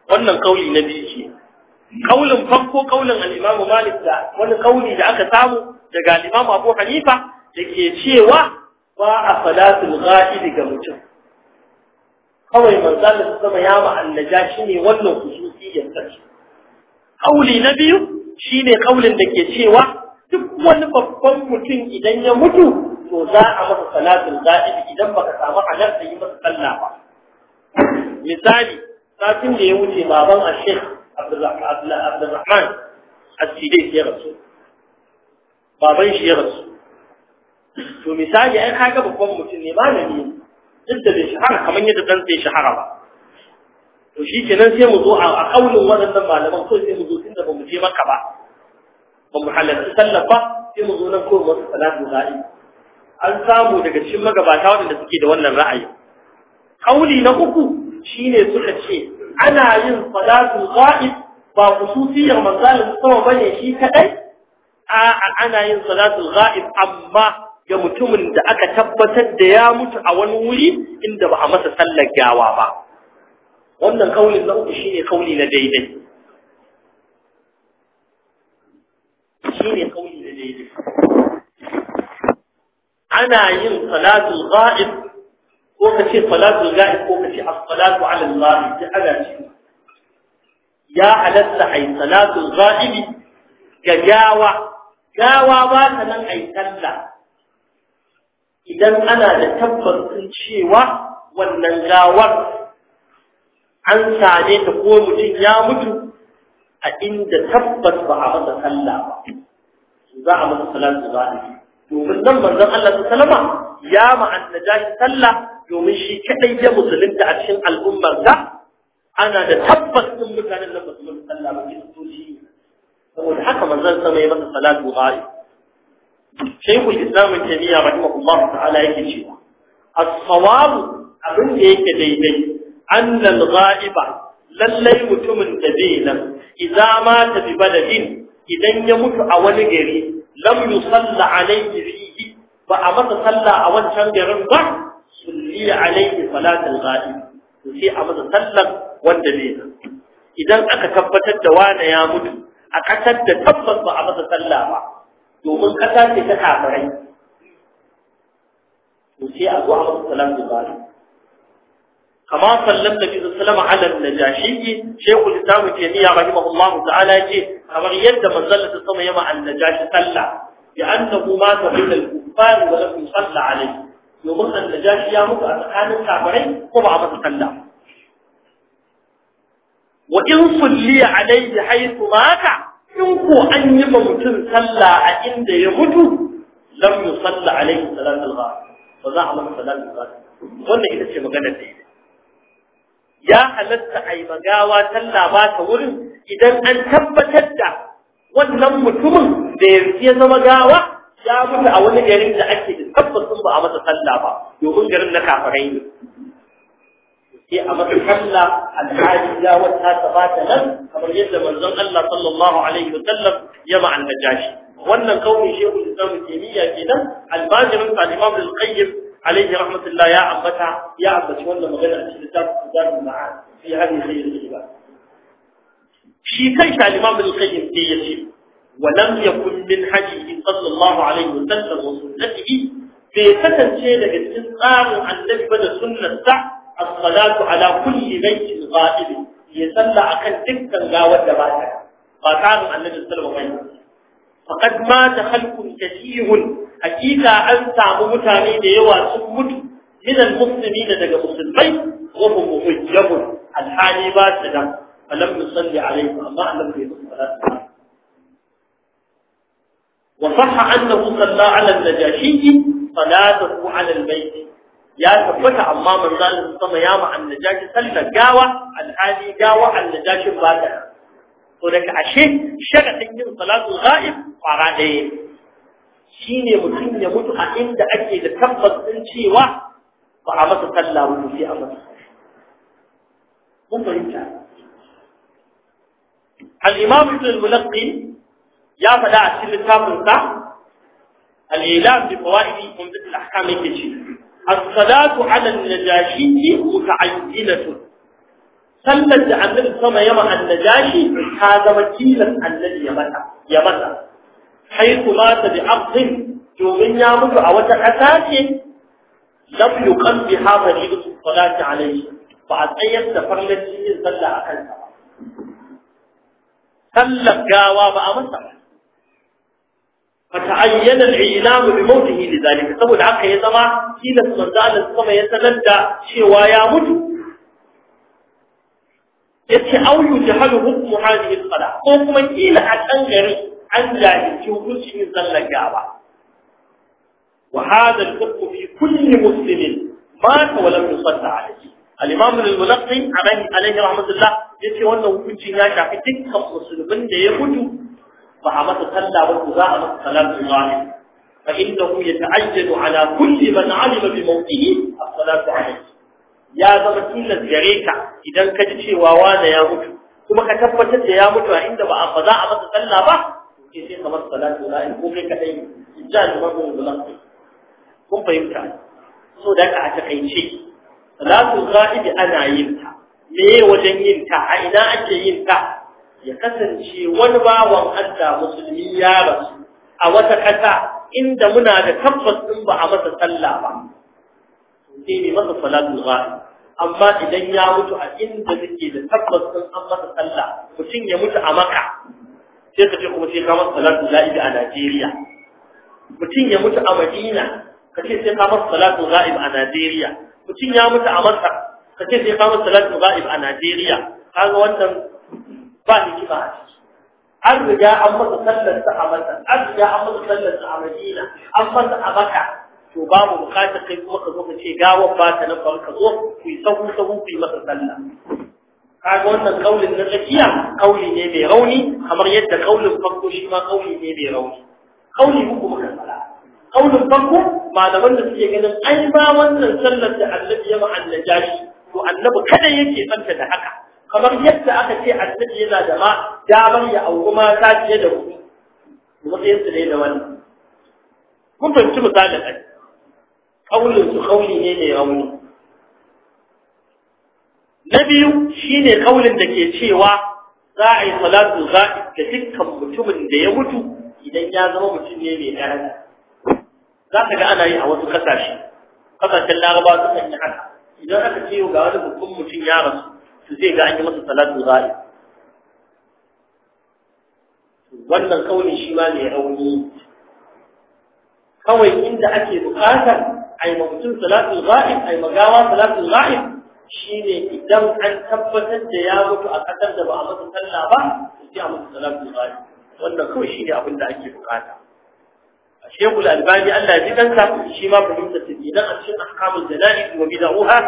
wannan kauli na biyu ce kaulin farko kaulin al-Imam Malik da wani kauli da aka samu daga al-Imam Abu Hanifa da ke cewa ba a salatul ghaib ga mutum kawai manzon da sama ya ma annaja shine wannan kusuciyar sarki kauli na biyu shine kaulin da ke cewa duk wani babban mutum idan ya mutu to za a masa salatul ghaib idan baka samu halar da yi masa sallah ba misali satin da ya wuce baban ashek Abdulrahman Abdulrahman ya rasu baban shi ya rasu to misali ai kaga babban mutum ne malami duk da bai shahara kamar yadda dan zai shahara ba to shi kenan sai mu zo a kaulin waɗannan malaman ko sai mu zo tunda ba mu je maka ba ba mu halarci tallafa sai mu zo nan ko mu salatu ra'i an samu daga cikin magabata waɗanda suke da wannan ra'ayi kauli na uku shine suka ce ana yin salatu ra'i ba khususiyar manzalin sama bane shi kadai a ana yin salatu ra'i amma ga mutumin da aka tabbatar da ya mutu a wani wuri inda ba a masa sallar gawa ba wannan kaulin na uku shine kauli na daidai shine kauli na daidai ana yin salatul ghaib ko ka ce salatul ghaib ko ka ce as-salatu ala Allah da ana shi ya halatta ai salatul ghaibi ga gawa gawa ba ta nan ai sallah idan ana da tabbacin cewa wannan gawar an same ta ko mutum ya mutu a inda tabbas ba a masa sallah ba za a masa salatu za a yi domin nan manzon Allah ta salama ya ma'annaja shi sallah domin shi kaɗai ya musulunta a cikin al'ummar da ana da tabbas din mutanen nan ba su masa sallah ba ke su saboda haka manzon sama ya masa salatu ba shaykhul islam ibn taymiya rahimahullah ta'ala yake cewa as-sawab abin da yake daidai annal ghaiba lallai mutumin da bai nan idza mata bi baladin idan ya mutu a wani gari lam yusalla alayhi fihi ba a masa sallah a wancan garin ba sulli alayhi salatul ghaib sai a masa sallar wanda bai nan idan aka tabbatar da wani ya mutu a ƙasar da tabbas ba a masa sallah ba domin ƙasa ce ta kafirai to sai a zo a masu salam da bari kama sallam da bizu salama ala najashi shehu lisamu taimiyya rahimahullahu ta'ala ce kamar yadda manzalla ta sama yama al jashi sallah bi annahu ma tabil al kuffar wa lam yusalla alayhi domin al jashi ya mutu a tsakanin kafirai kuma a masa sallah wa in sulliya alayhi haythu maka? in ko an yi ma mutum sallah a inda ya mutu lam sallah alaihi salatu al-ghaib ba za a masa salatu al wannan ita ce maganar da ya halatta a yi magawa sallah ba ta wurin idan an tabbatar da wannan mutumin da ya zama gawa ya mutu a wani garin da ake da ba a masa sallah ba domin garin na kafirai ne sai a mata kalla alhaji ya wata ta bata nan kamar yadda manzon Allah sallallahu alaihi wasallam ya ma'an najashi wannan kauli shehu Islam kimiyya kenan albajirin Imam al alaihi rahmatullah ya ambata ya ambaci wannan magana a cikin kitabun Zadul Ma'ad fi hadhihi sayyid al-ibad shi kai shi Imam al-Qayyim sai ya ce ولم يكن من هديه صلى الله عليه وسلم وسنته bai kasance daga cikin tsarin annabi ba da sunnarsa as-salatu ala kulli maytin ghaib ya salla akan dukkan gawar da ba ta ba tsarin annabi sallallahu alaihi wasallam faqad mata khalqun kathirun hakika an samu mutane da yawa sun mutu min al-muslimin daga musulmai wa hum muhajjabun al-hali ba ta da falam nusalli alaihi amma annabi sallallahu وصح أنه صلى على النجاشي صلاته على الميت ya tabbata amma manzo Allah sama ya ma annajashi sallar gawa alhali gawa annajashin ba ta to daga ashe sharadin yin salatu ghaib fara ɗaya Shi ne mutum ya mutu a inda ake da tabbas din cewa ba a masa sallah ba sai a masa mun fahimta al-imam ibn al-mulaqqi ya faɗa a cikin littafinsa al-ilam bi fawaidi umdat al-ahkam yake cewa الصلاه على النجاشي متعجله صلت عند السماء يما النجاشي هذا وكيلا الذي يبدا يبدا حيث مات بعقد يومين يامر او تكاتي لم يقم بهذا الجزء الصلاه عليه بعد اي سفر للشيء صلى على السماء صلى جواب امسك فتعين الإعلام بموته لذلك saboda aka yi zama kilas manzo Allah sama ya sanar cewa ya mutu yace au yujhalu hukmu hadhihi al-qada ko kuma kila a kan garin an jahilci hukuncin sallar gaba wa hadha al-hukmu fi kulli muslimin mata wa lam yusalla alayhi al-imam al-mulqi alayhi wannan hukuncin ya shafi dukkan musulmin da ya mutu ba a masa sallah ba ko za a masa salatu zahir fa innahu yata'ajjadu ala kulli man 'alima bi mawqihi as-salatu ya zama kila gare idan ka ji cewa ya mutu kuma ka tabbatar da ya mutu a inda ba a ba za a masa sallah ba to sai ka masa salatu zahir ko kai ka dai ijjal ba ko zalan kun fahimta so da ka a takaice salatu ana yin ta me wajen yin ta a ina ake yin ta ya kasance wani bawan Allah musulmi ya rasu a wata ƙasa inda muna da tabbas ɗin ba a masa sallah ba sai ne masa Salatu ghaib amma idan ya mutu a inda suke da tabbas ɗin an masa sallah mutum ya mutu a maka sai ka ce kuma sai ka masa Salatu ghaib a Najeriya mutum ya mutu a Madina ka ce sai ka masa Salatu ghaib a Najeriya mutum ya mutu a Masar ka ce sai ka masa Salatu ghaib a Najeriya kaga wannan ba ni kiba a ciki an riga an masa sallar sa a masa an riga an masa sallar sa a madina an masa a maka to babu bukatar kai kuma ka zo ka ce gawar ba ta nan ka zo ku yi sahu sahu ku yi masa sallah kaga wannan kaulin na tsakiya kauli ne mai rauni kamar yadda kaulin farko shi ma kauli ne mai rauni kauli uku muka fara kaulin farko malaman da suke ganin ai ba wannan sallar da annabi ya ma annajashi to annabi kada yake tsanta da haka kamar yadda aka ce cikin yana da ma damar ya auku mata fiye da hudu matsayin su ne da wannan kun fahimci misali a ƙaunin su ƙauni ne mai rauni na biyu shi ne ƙaunin da ke cewa za a yi salatu a ga dukkan mutumin da ya mutu idan ya zama mutum ne mai ɗaya. za ka ga ana yi a wasu kasashe kasashen laraba sukan yi haka idan aka ce ga wani babban mutum ya rasu to zai ga an yi masa salatu ghaib wannan kaulin shi ma ne rauni kawai inda ake bukatar ai mutum salatu ghaib ai magawa salatu shi ne idan an tabbatar da ya mutu a ƙasar da ba a masa sallah ba sai a masa salatu ghaib wannan kawai shine abin da ake bukata Shekul Albani Allah ya ji shi ma fahimta ta idan a cikin ahkamul jana'i wa bid'uha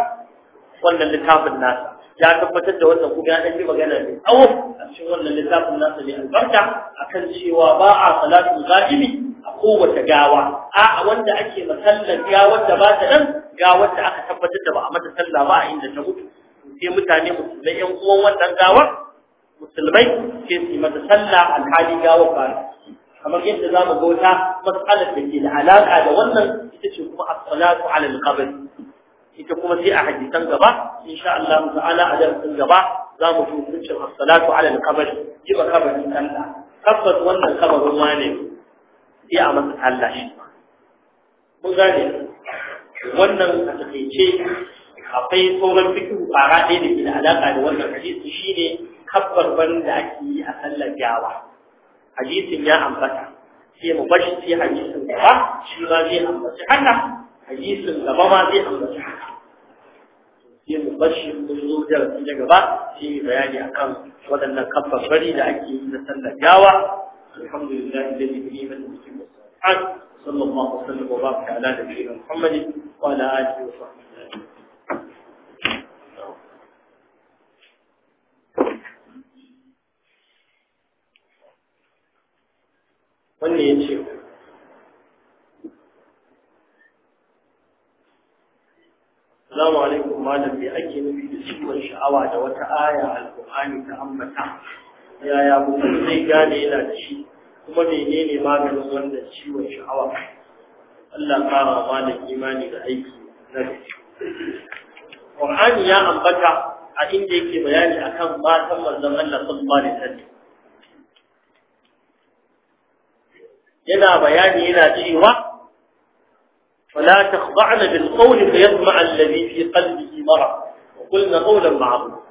wannan littafin nasa ya tabbatar da wannan kuma ya dan yi magana ne awu a cikin wannan littafin nasa ne albarka akan cewa ba a salatu zalimi a kowace gawa a wanda ake masallar gawar da ba ta nan gawar da aka tabbatar da ba a mata sallah ba a inda ta mutu sai mutane musulmai yan uwan wannan gawar musulmai ke yi mata sallah alhali gawar ba kamar yadda za mu ga wata matsalar da ke da alaƙa da wannan ita ce kuma as-salatu ala al-qabr ita kuma sai a hadisan gaba insha Allah ta'ala a darasin gaba za mu ji hukuncin as-salatu ala al-qabr jiba kabarin Allah tabbas wannan kabarin ma ne sai a masa Allah shi mun gane wannan a takeice akwai sauran fikihu fara ɗaya da ke da alaƙa da wannan hadisi shine kabbarban da ake yi a sallar gawa hadisin ya ambata sai mu bashi sai hadisin gaba shi ma zai ambaci Allah hadisin gaba ma zai ambaci haka sai mu bashi mun zo darasi na gaba sai mu bayani akan waɗannan kaffafari da ake yi na sallar gawa alhamdulillah alladhi bi ni'mati muslimu sallallahu alaihi wa sallam wa baraka ala nabiyyina muhammadin wa ala alihi wa sahbihi wannan ya ce assalamu alaikum malam me ake nufi da ciwon sha'awa da wata aya alqur'ani ta ambata yaya mutum zai gane yana da shi kuma menene maganin wannan ciwon sha'awa Allah kara malam imani da aiki na Qur'ani ya ambata a inda yake bayani akan matan manzon Allah sallallahu alaihi wasallam yana bayani yana cewa فلا تخضعن بالقول فيطمع الذي في قلبه مرض وقلنا قولا معروفا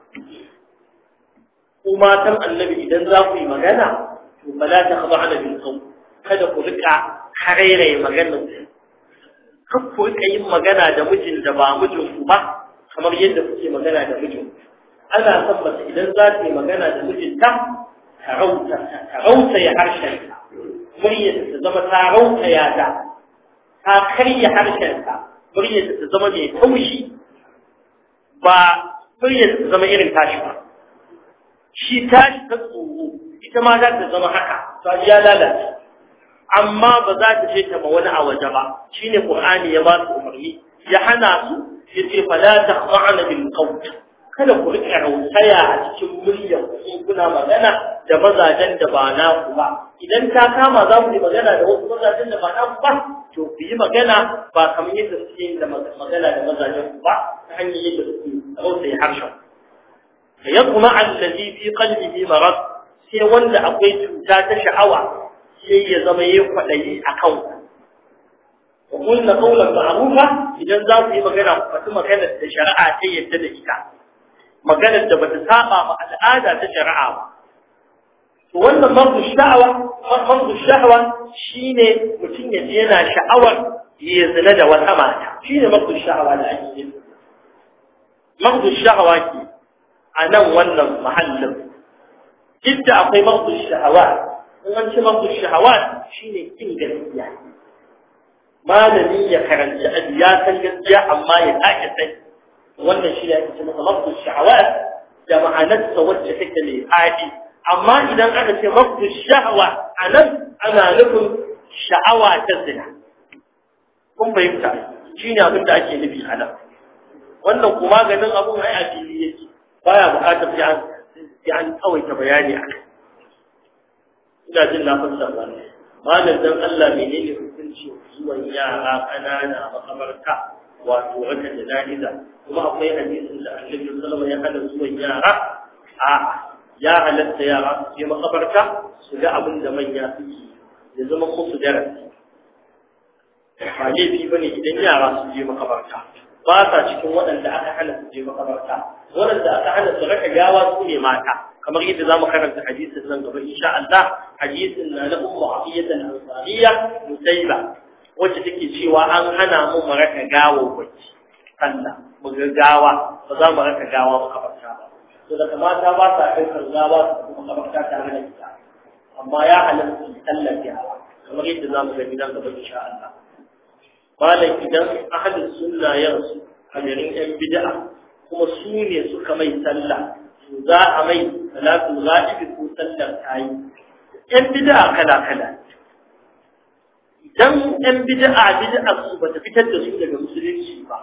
وما تم النبي إذا ذاقوا مغانا فلا تخضعن بالقول kada ku rika harairaye maganar kan ku rika yin magana da mijin da ba mijin ku ba kamar yadda kuke magana da mijin ana san mace idan za ta yi magana da mijinta ta rauta ya harshen muryarta ta zama ta rauta ya da ta karya harshensa muryarsa ta zama mai taushi ba muryarsa ta zama irin tashi ba shi tashi ta tsoro ita ma za ta zama haka ta ya lalace amma ba za ta ce ta ma wani a waje ba shine qur'ani ya ba su umarni ya hana su ya yace fala takhma'ana bil qawt kada ku riƙa rautaya a cikin muryar ku kuna magana da mazajen da ba na ku ba idan ta kama za ku yi magana da wasu mazajen da ba na ku ba to ku yi magana ba kamar yadda suke yin magana da mazajen ku ba ta hanyar yadda suke rautaya harshen fa yaqma allazi fi qalbihi marad sai wanda akwai cuta ta sha'awa sai ya zama yayin kwadayi akan ku وقلنا قولا معروفا اذا ذا في مغنى shari'a ta yadda da ita. maganar da bata saba ma al'ada ta shari'a ba to wannan marzu sha'awa marzu sha'awa shine mutum ya ji yana sha'awar ya zina da wata mata shine marzu sha'awa da ake yi marzu sha'awa ke a nan wannan muhallin? duk akwai marzu sha'awa in an ce marzu sha'awa shine kin gaskiya malami ya karanci abu ya san gaskiya amma ya sake sani wannan shi ne ake ce masa mafdu shahawat da ma'anarsa wacce take mai fadi amma idan aka ce mafdu shahawa anan ana nufin sha'awa ta zina kun fahimta shi ne abin da ake nufi a nan wannan kuma ganin abun ai a fili yake baya buƙatar sai an sai an tsawaita bayani a kai ina jin na fassara ba malam dan Allah menene hukunci zuwan yara ƙanana makabarta wato wannan jana'iza kuma akwai hadisin da annabi sallallahu alaihi wasallam ya hada zuwan yara a ya halatta yara su je makabarta su ga abin da manya suke ya zama su darasi ba laifi bane idan yara su je makabarta ba sa cikin waɗanda aka hana su je makabarta waɗanda aka hana su raka gawa su ne mata kamar yadda zamu karanta hadisin nan gaba insha Allah hadisin na na ummu afiyatan ansariya musaiba wacce take cewa an hana mu mu raka gawo wacce sallah mu ga gawa ba za mu raka gawa mu kabarta ba to da kamata ba sa aikar gawa su kuma kabarta ta hana ita amma ya halatta tallar gawa kamar yadda za mu gani nan gaba insha Allah malam idan ahadin sunna ya rasu a garin yan bid'a kuma su ne suka mai sallah to za a mai salatu ko sallar tayi yan bid'a kala kala dan ɗan bid'a bid'a su ba ta fitar da su daga musulunci ba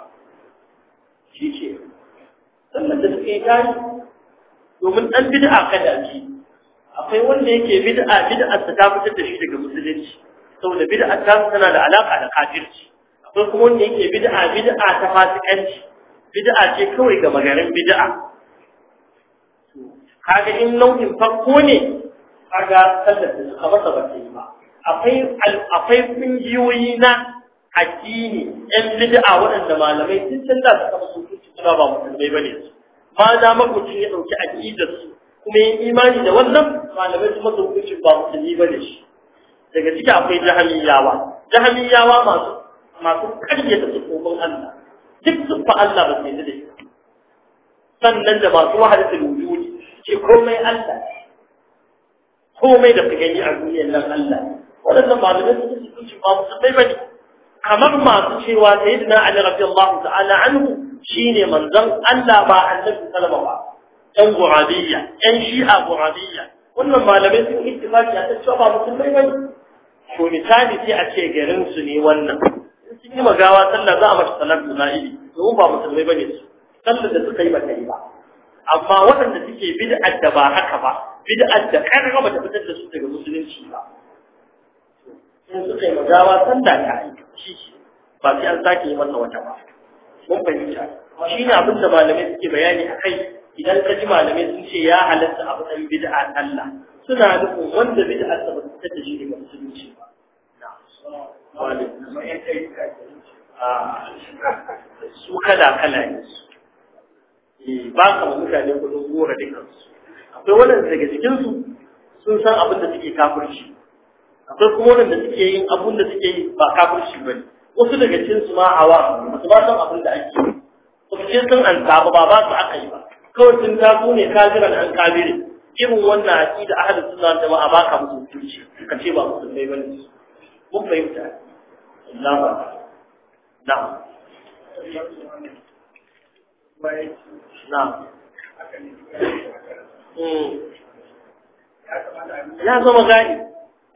shi ce sannan da suke gani domin ɗan bid'a kada ce akwai wanda yake bid'a bid'a ta ta fitar da shi daga musulunci saboda bid'a ta tana da alaka da kafirci akwai kuma wanda yake bid'a bid'a ta fasikanci bid'a ce kawai ga magarin bid'a kaga in nau'in farko ne kaga sallar da suka masa ba ta yi ba akwai ƙungiyoyi na addini ƴan bid'a waɗanda malamai sun can da suka masu kuma suna ba musulmai ba ne su ma da magucin ya ɗauki aƙidar su kuma yin imani da wannan malamai su masu hukuncin ba musulmi ba ne shi daga ciki akwai jahamiyawa jahamiyawa masu masu ƙaryata tsofaffin Allah duk sufa Allah ba sai da shi sannan da masu wahalatul wujudi ce komai Allah komai da ka gani a duniyar nan Allah ne waɗannan malamai sun yi hukunci ba musulmai bane kamar masu cewa sayyidina ali radiyallahu ta'ala anhu shine manzon Allah ba annabi sallama ba ɗan gurabiyya ɗan shi'a gurabiyya wannan malamai sun yi ittifaqi a kan cewa ba musulmai bane to misali sai a ce garin su ne wannan sun yi magawa sallah za a mata salar juna'i domin ba musulmai bane su sallar da suka yi ba ta yi ba amma waɗanda suke bid'ar da ba haka ba bid'ar da ƙarfa ba ta fitar da su daga musulunci ba in suka yi magawa sanda aiki shi ba sai an sake yi masa wata ba mun fahimta shi ne abin da malamai suke bayani a kai idan ka ji malamai sun ce ya halatta abu ɗan bid'a Allah suna nufin wanda bid'a ta ba ta da shi ne musulunci ba su kala kala ne eh, ba ka mutane kudin gora dukansu akwai waɗanda daga cikinsu sun san abin da suke kafirci akwai kuma wanda suke yin abun da suke yi ba kafirci bane wasu daga cikin su ma hawa ba su ba san abin da ake ba su ce sun an ba ba ba su aka yi ba kawai sun taso ne kafiran an kabire irin wannan da ahadin sunna da ba ka musu hukunci ka ce ba musulmai bane mun fahimta Allah ba na? Hmm. ya zama gani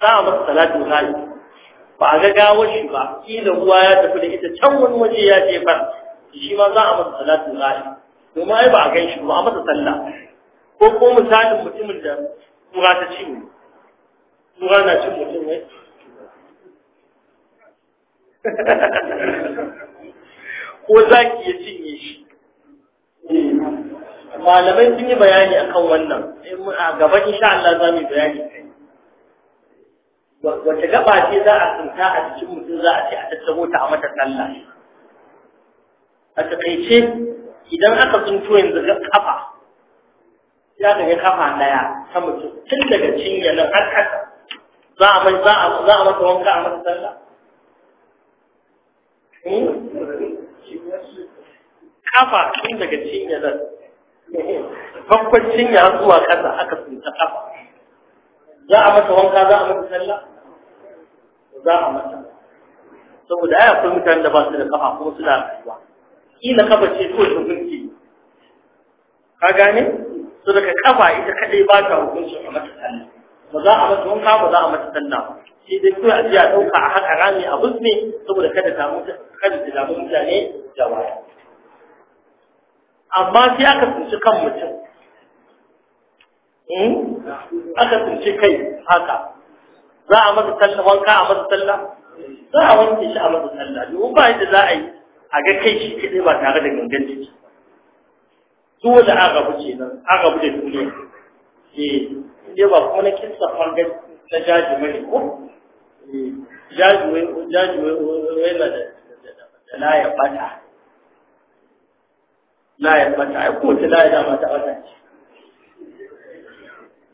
za a masa salatu gani ba a ga gawar shi ba kila ruwa ya tafi da ita can wani waje ya je ba shi ma za a masa salatu gani domin ai ba a gan shi ba a masa sallah ko ko misalin mutumin da kura ta ci mu kura na cin mutum ne ko zaki ya cinye shi eh, malamai sun yi bayani akan wannan eh, a gaban insha Allah za mu yi bayani wata gaba ce za a tsinta a cikin mutum za a ce a tattabo ta a mata sallah a takaice idan aka tsinto yanzu ga kafa ya daga kafa daya ta mutum tun daga cinya nan har haka za a mai za a za a mata wanka a mata sallah hmm? kafa tun daga cinya nan bakwai cinya zuwa kasa aka tsinta kafa za a mata wanka za a mata sallah za a mata saboda ai akwai mutane da ba su da kafa kuma suna rayuwa kila kafa ce ko su gunki ka gane su daga kafa ita kadai ba ta hukunci a mata ba za a mata wanka ba za a mata sallah ba shi dai kawai a jiya a dauka a haka rami a busne saboda kada ta mutu kada ta damu mutane da waya amma sai aka tsinci kan mutum hmm? aka tsinci kai haka za a masa sallah wanka a masa sallah za a wanke shi a masa sallah domin ba yadda za a yi a ga kai shi kaɗai ba tare da gangan ciki dole aka gabu ce nan aka gabu da duniya eh inda ba kuma na kinsa fangar na jaji mai ko eh, jaji wai jaji wai na da na ya bata Na ya bata ai ko ta ba ya bata bata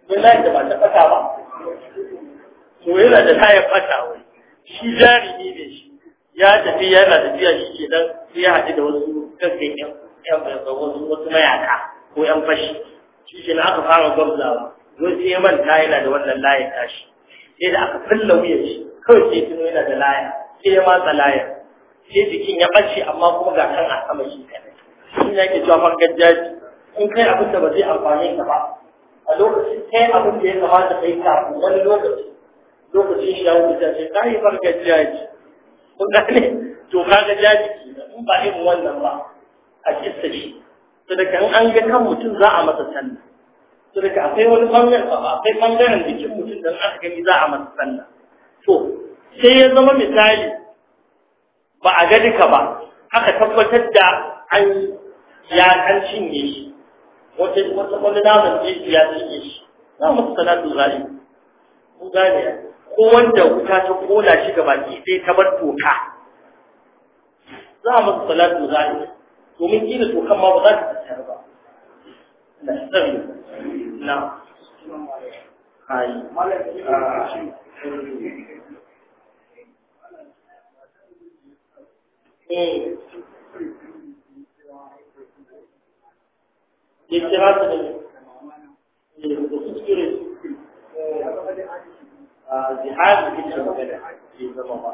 ce da ba ta bata ba to yana da tayar fata wai shi jarumi ne shi ya tafi yana tafiya shi ke dan sai ya haɗu da wasu kankan yan wasu wasu mayaka ko yan fashi shi ke na aka fara gwamzawa don sai man manta yana da wannan layin tashi sai da aka fulla wuyan shi kawai sai tuno yana da laya sai ya matsa laya sai jikin ya ɓace amma kuma ga kan a sama shi kaɗai shi ne ake cewa farkar daji in kai abin da ba zai amfane ka ba a lokacin kai abin da ya kamata kai kafin wani lokaci lokacin shi ya wuce ta ce kai barka jaji kun ne, to kaga jaji in ba irin wannan ba a kissa shi sadaka an ga kan mutum za a masa to sadaka akwai wani bangaren ba akwai bangaren jikin mutum da aka gani za a masa sanna to sai ya zama misali ba a ga ka ba aka tabbatar da an ya kan cinye shi wata wata wani namun ya cinye shi za mu salatu zai Ku gane ko wanda wuta ta kola shi gaba baki sai ta bar toka za salatu zai to mun domin to kan ma ba za ta tsayar ba na tsari na kai eh ya kira su da ne eh, da su kire jihadi ita magana ke zama ba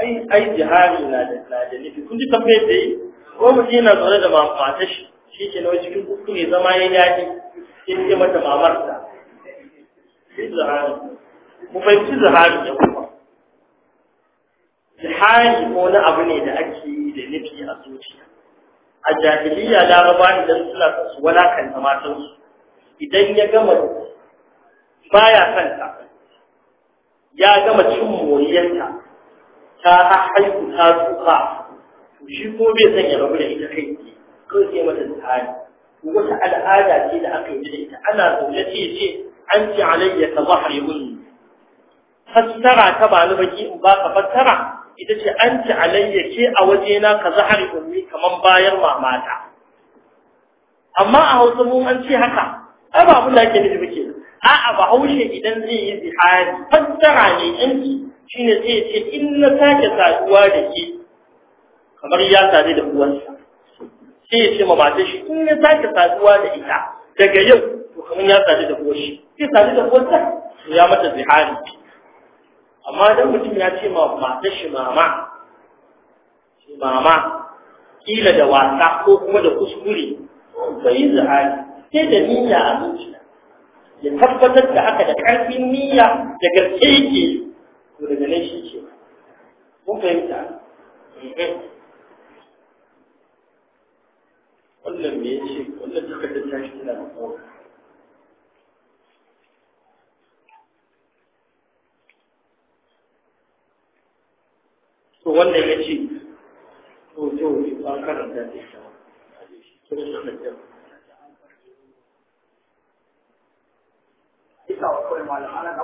ai ai jihadi na da na da nufi kun ji tambayar da yi ko mutum yana zaune da matar shi shi ke nawa cikin kuku ne zama ya daɗi in ce mata mamarta shi zahari mu fahimci zahari da kuma jihadi ko na abu ne da ake yi da nufi a zuciya a jahiliya laraba idan suna kasuwa na kan matansu idan ya gama baya kanta ya gama cin moriyarta ta haihu ta tsufa shi ko bai san ya rabu da ita kai kawai sai mata tsari wata al'ada ce da aka yi da ita ana zaune ce ce an ci alayya ta zahari mun fassara ta ba ni baki in ba ka fassara ita ce an ci alayya a wajena ka zahari ummi kamar bayar mamata amma a hausa mun an ce haka ai ba abin da ake nufi a'a bahaushe idan zai yi zihari fassara ne yanki shine zai ce in na sake saduwa da ke kamar ya sadu da uwansa sai ya ce ma matar shi in na sake saduwa da ita daga yau to kamar ya sadu da shi sai sadu da uwarsa to ya mata zihari amma dan mutum ya ce ma matar shi mama shi mama kila da wasa ko kuma da kuskure bai yi zihari sai da niyya a zuciya ya tabbatar da haka da ƙarfin niyya da gaske yake to daga nan shi ce mun fahimta eh. wannan me ya ce wannan da ta shi tana da tsawo to wannan ya ce to to ba karanta da ita to shi ba a yi a yi mutum wannan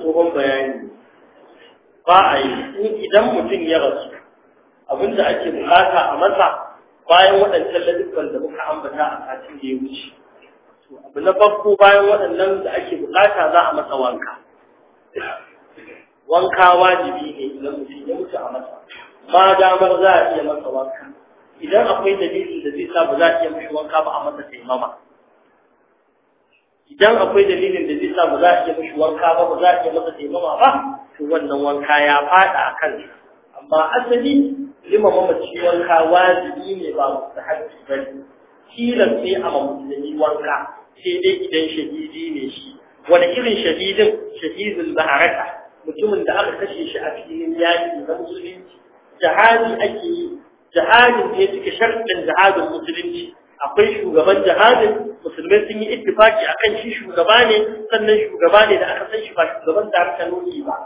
tsohon bayani ba a yi idan mutum ya rasu abinda ake bukata a masa bayan waɗancan lalibban da muka ambata a satin da ya wuce abu na farko bayan waɗannan da ake bukata za a masa wanka wanka wajibi ne idan mutum ya mutu a masa ma damar za a iya masa wanka idan akwai dalilin da zai sa ba za a iya mai wanka ba a masa taimama idan akwai dalilin da zai sa ba za a iya mishi wanka ba ba za a iya masa taimama ba to wannan wanka ya faɗa a kan amma asali limama mace wanka wajibi ne ba mustahabbi ba ne tilan sai a musulmi wanka sai dai idan shahidi ne shi wani irin shahidin shahidul baharaka mutumin da aka kashe shi a filin yaƙi na musulunci jihadi ake yi jihadin ne suke sharɗin jihadin musulunci akwai shugaban jihadin musulmai sun yi ittifaki akan shi shugaba ne sannan shugaba ne da aka san shi ba shugaban da aka nuni ba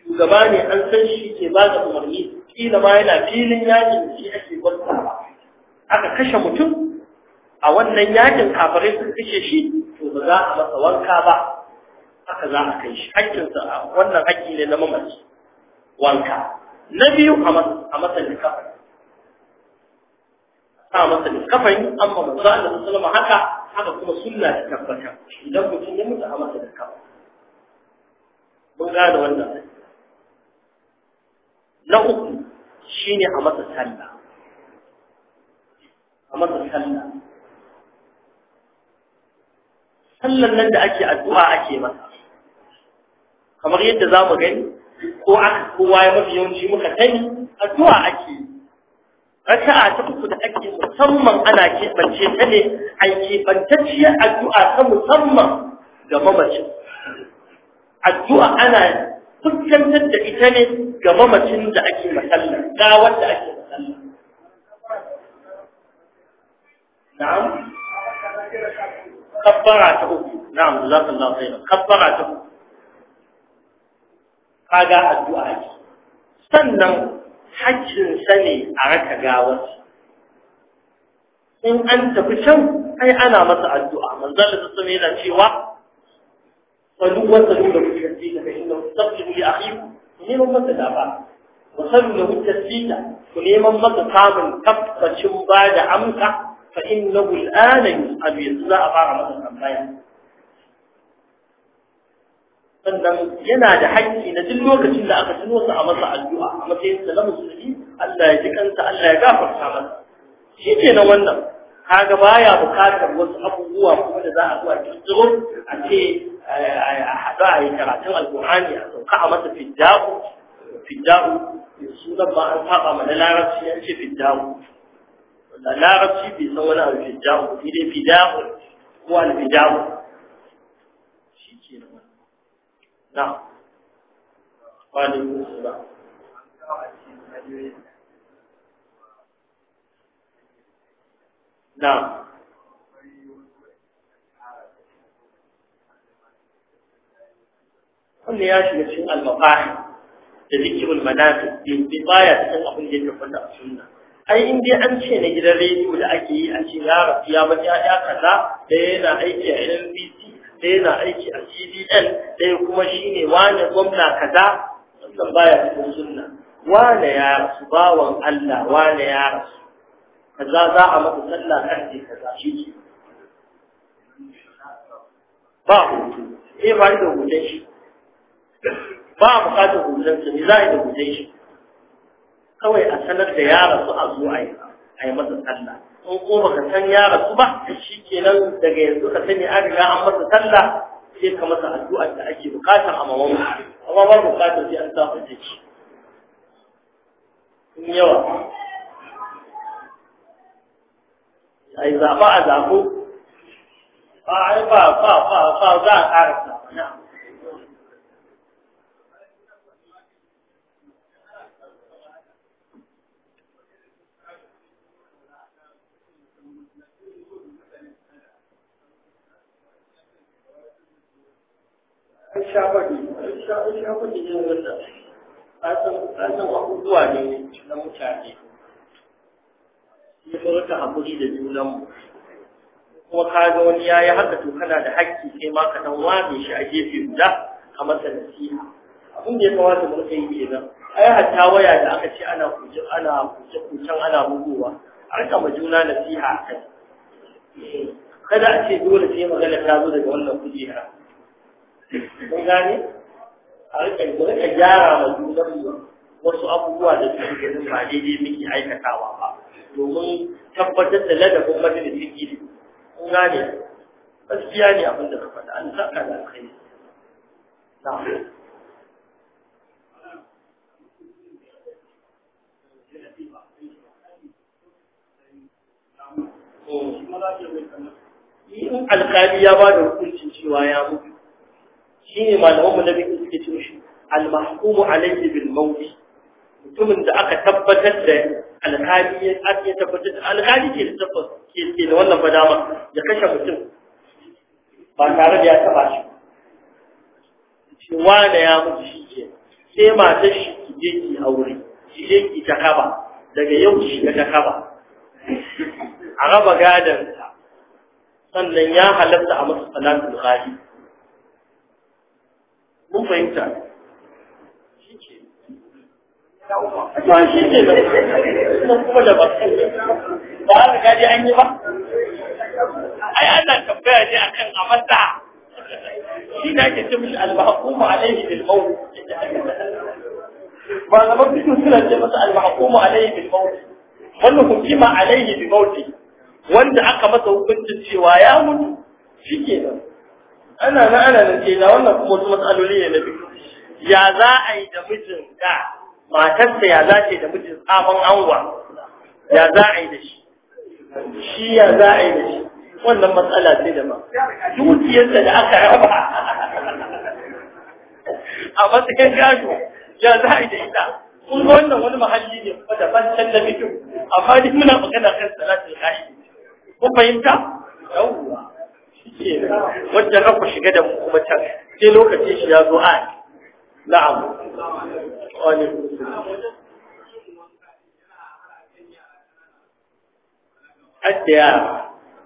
shugaba ne an san shi ke ba da umarni kila ma yana filin yaƙin shi ake gwamnati aka kashe mutum a wannan yakin kafare sun kashe shi to ba za a masa wanka ba haka za a kai shi hakkinsa wannan hakki ne na mamaci wanka na biyu a masa kafan. a masa kafan, amma a da sallama haka haka kuma sunna ta tabbata idan mutum ya mutu a masa kafan, mun gane wannan na uku shine a masa sallah a masa sallah sallan nan da ake addu'a ake masa kamar yadda za mu gani ko aka kowa ya mafi yawanci muka sani addu'a ake raka'a ta uku da ake musamman ana keɓance ta ne a keɓantacciyar addu'a ta musamman ga mamacin addu'a ana fuskantar da ita ne ga mamacin da ake masalla gawar da ake masalla na'am كبرته نعم جزاك الله خيرا كبرته قاجا الدعاء سنن حج سني عرك غاوس إن أنت بشو أي أنا مسع الدعاء من ذلك تصمي إلى وصلوا له التسليل فإنه تقلوا يا أخي هنا مثل وصلوا له التسليل هنا مثل قاما كبت فإنه الآن يسأل يسأل a مثلا أمبايا sannan yana da haƙƙi na duk lokacin da aka tuno a masa addu'a a matsayinsa na musulmi Allah ya ji kansa Allah ya gafarta masa shi ke na wannan kaga baya bukatar wasu abubuwa kuma da za a zuwa kirkiro a ce a haɗu a yi karatun alƙur'ani a sauka a masa fidda'u fidda'u sunan ba an saba ma na larabci an ce larabci bai san wani abu fijahu ni dai fijahu ko alfijahu shi ke nan na kwanin musu ba na wannan ya shiga cikin almafahi da zikirin manafi bai baya cikin abin da ya tafi a sunna ai in dai an ce na gidan rediyo da ake yi a ce ya rafi ya bar ya kaza da yana aiki a NBC da yana aiki a CBN da kuma shine wane gwamna kaza wannan baya cikin sunna wane ya rasu bawan Allah wane ya rasu kaza za a masa sallah karfe kaza shi ke ba hutu eh ba da hutun shi ba bukatar hutun sa ne za a yi da hutun shi kawai a sanar da ya rasu a zo a yi masa sallah in koma ka san ya rasu ba shi kenan daga yanzu ka sani an riga an masa sallah sai ka masa addu'a da ake bukata a mawan amma ba bukata sai an sa jiki in yawa a yi zaɓa a zaɓo ba a yi ba ba ba ba za a ƙarasa shafaɗi shafaɗi ne wanda asan abubuwa ne na mutane sai mu rika haƙuri da junanmu kuma ka ga wani ya yi haka to kana da hakki sai ma ka ɗan wame shi a gefe guda a masa siya. abin da ya kamata mu rika yi kenan ai hatta waya da aka ce ana kuce ana kuce kucen ana bugowa a rika ma juna siya a kai kada a ce dole sai magana ta zo daga wannan kujera kun gane a rika mu rika gyara ma junan wasu abubuwa da suke ganin ba daidai muke aikatawa ba domin tabbatar da ladabin majalisin ilimi kun gane gaskiya ne abin da ka faɗa an saka da kai na'am in alkali ya ba da hukuncin cewa ya mutu shine malamin mu na biyu suke ce shi al-mahkum alayhi bil maut mutumin da aka tabbatar da alhali ya tabbatar da alhali ke da tabbas ke ke da wannan fadama ya kashe mutum ba tare da ya taba shi shi wanda ya mutu shi ke sai matar shi ki je ki aure ki je ki ta kaba daga yau shi ga ta kaba a raba gadon sannan ya halatta a masa salatul ghaib mun fahimta shi ce Kuma shi ne da kuma da ba ba a riga dai an yi ba. A yi ana tambaya ne akan a masa shi na ke ce mishi al-mahqumu alaihi bil maut. Ba na bisu suna ce masa al-mahqumu alaihi bil maut. Wannan hukima alaihi bil maut wanda aka masa hukuncin cewa ya mutu shi ke nan. ana na ana nan ce na wannan kuma wasu matsaloli ne na biyu ya za a yi da mijin da matarsa ya za ce da mijin tsafin anwa ya za a yi da shi shi ya za a yi da shi wannan matsala ce da ma dukiyarsa da aka raba a matsayin gado ya za a yi da ita kun ga wannan wani mahalli ne kuma da ban da bikin amma duk muna magana kan salatul qa'i ko fahimta yawwa wajen ku shiga da mu kuma can sai lokacin shi ya zo a na'am wani hadda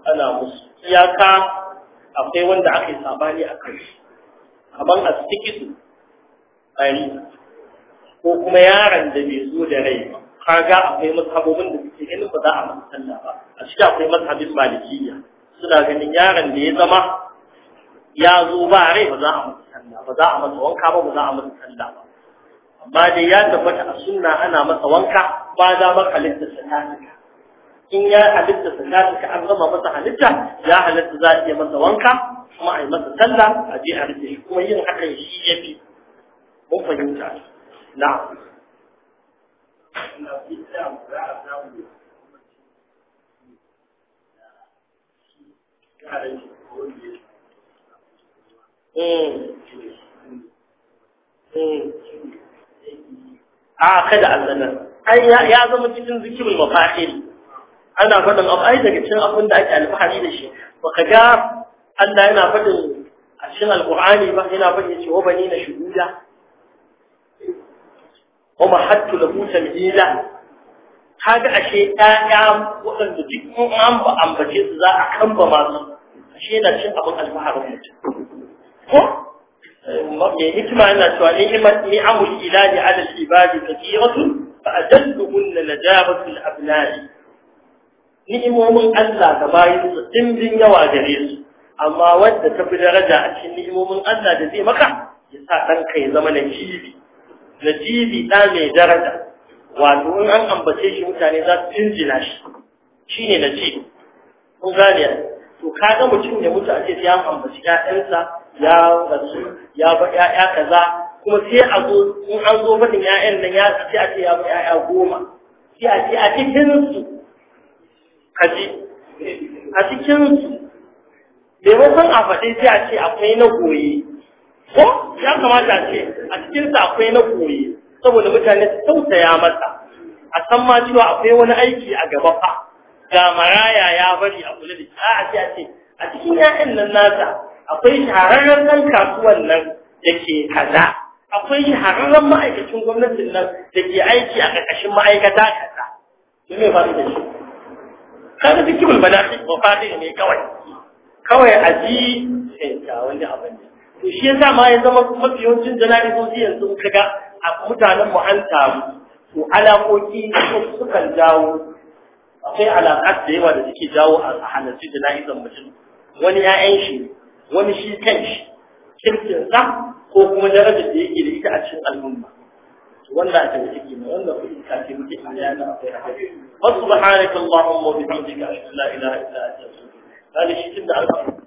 ana musu iyaka akwai wanda aka yi sabani a kan shi kamar a su ɗari ko kuma yaron da bai zo da rai ba kaga akwai mazhabobin da suke ganin ba za a masu sallah ba a shi akwai mazhabin malikiyya suna ganin yaron da ya zama ya zo ba rai ba za a masa sallah ba za a masa wanka ba ba za a masa sallah ba amma dai ya tabbata a sunna ana masa wanka ba za ba halitta sakatika in ya halitta sakatika an gama masa halitta ya halitta za a iya masa wanka kuma a yi masa sallah a je a rufe shi kuma yin hakan shi ya fi mun fahimta na'am a kada allanan ai ya zama cikin zikirin mafahil ana faɗin abu ai daga cin abin da ake alfahari da shi ba ka ga Allah yana faɗin a cikin alƙur'ani ba yana faɗin cewa bani na shuhuda wa mahattu lahu tamhila kaga ashe ɗaya waɗanda duk an ba ambace su za a kamba masu ashe yana cin abin alfaharin mutum ko eh, me hikima yana cewa ni'mat ni'amul ilahi ala ibadi kathiratun fa adalluhunna najabatul abnai ni'imomin Allah ga bayin su dimbin yawa gare su amma wanda ta fi daraja a cikin ni'imomin Allah da zai maka ya sa ɗanka ya zama na jibi. Na jibi ɗa mai daraja wato in an ambace shi mutane za su tinjina shi shi ne na ji kun gane to ga mutum ya mutu a ce ya ambaci ƴaƴansa ya rasu ya ba ƴaƴa kaza kuma sai a zo in an zo faɗin ƴaƴan nan ya sai a ce ya ba ƴaƴa goma sai a ce a cikin su kaji a cikin su maimakon a faɗi sai a ce akwai na goye ko ya kamata a ce a cikinsa akwai na goye saboda mutane su tausaya masa a san ma cewa akwai wani aiki a gaba fa ga maraya ya bari a kula da shi a ce a ce a cikin 'ya'yan nan nasa akwai shahararren ɗan kasuwan nan da ke kaza akwai shahararren ma'aikacin gwamnatin nan da ke aiki a ƙarƙashin ma'aikata kaza shi ne ba da shi kaga duk kibul bala'i ba fadi ne kawai kawai a ji sai eh, ga wani abin da to shi yasa ma ya zama mafi yawancin jana'izoji yanzu kaga a mutanen mu an taru to alaƙoƙi sukan jawo akwai alaƙa da yawa da suke jawo a halarci jana'izan mutum wani ya'yan shi wani shi kan shi kirkin ko kuma darajar da yake da ita a cikin al'umma Wannan a tabbata ke mai wanda kuɗin kafi muke a yana akwai hafi wasu subhanaka allahumma wa bihamdika ashhadu an la ilaha illa anta astaghfiruka wa atubu ilayk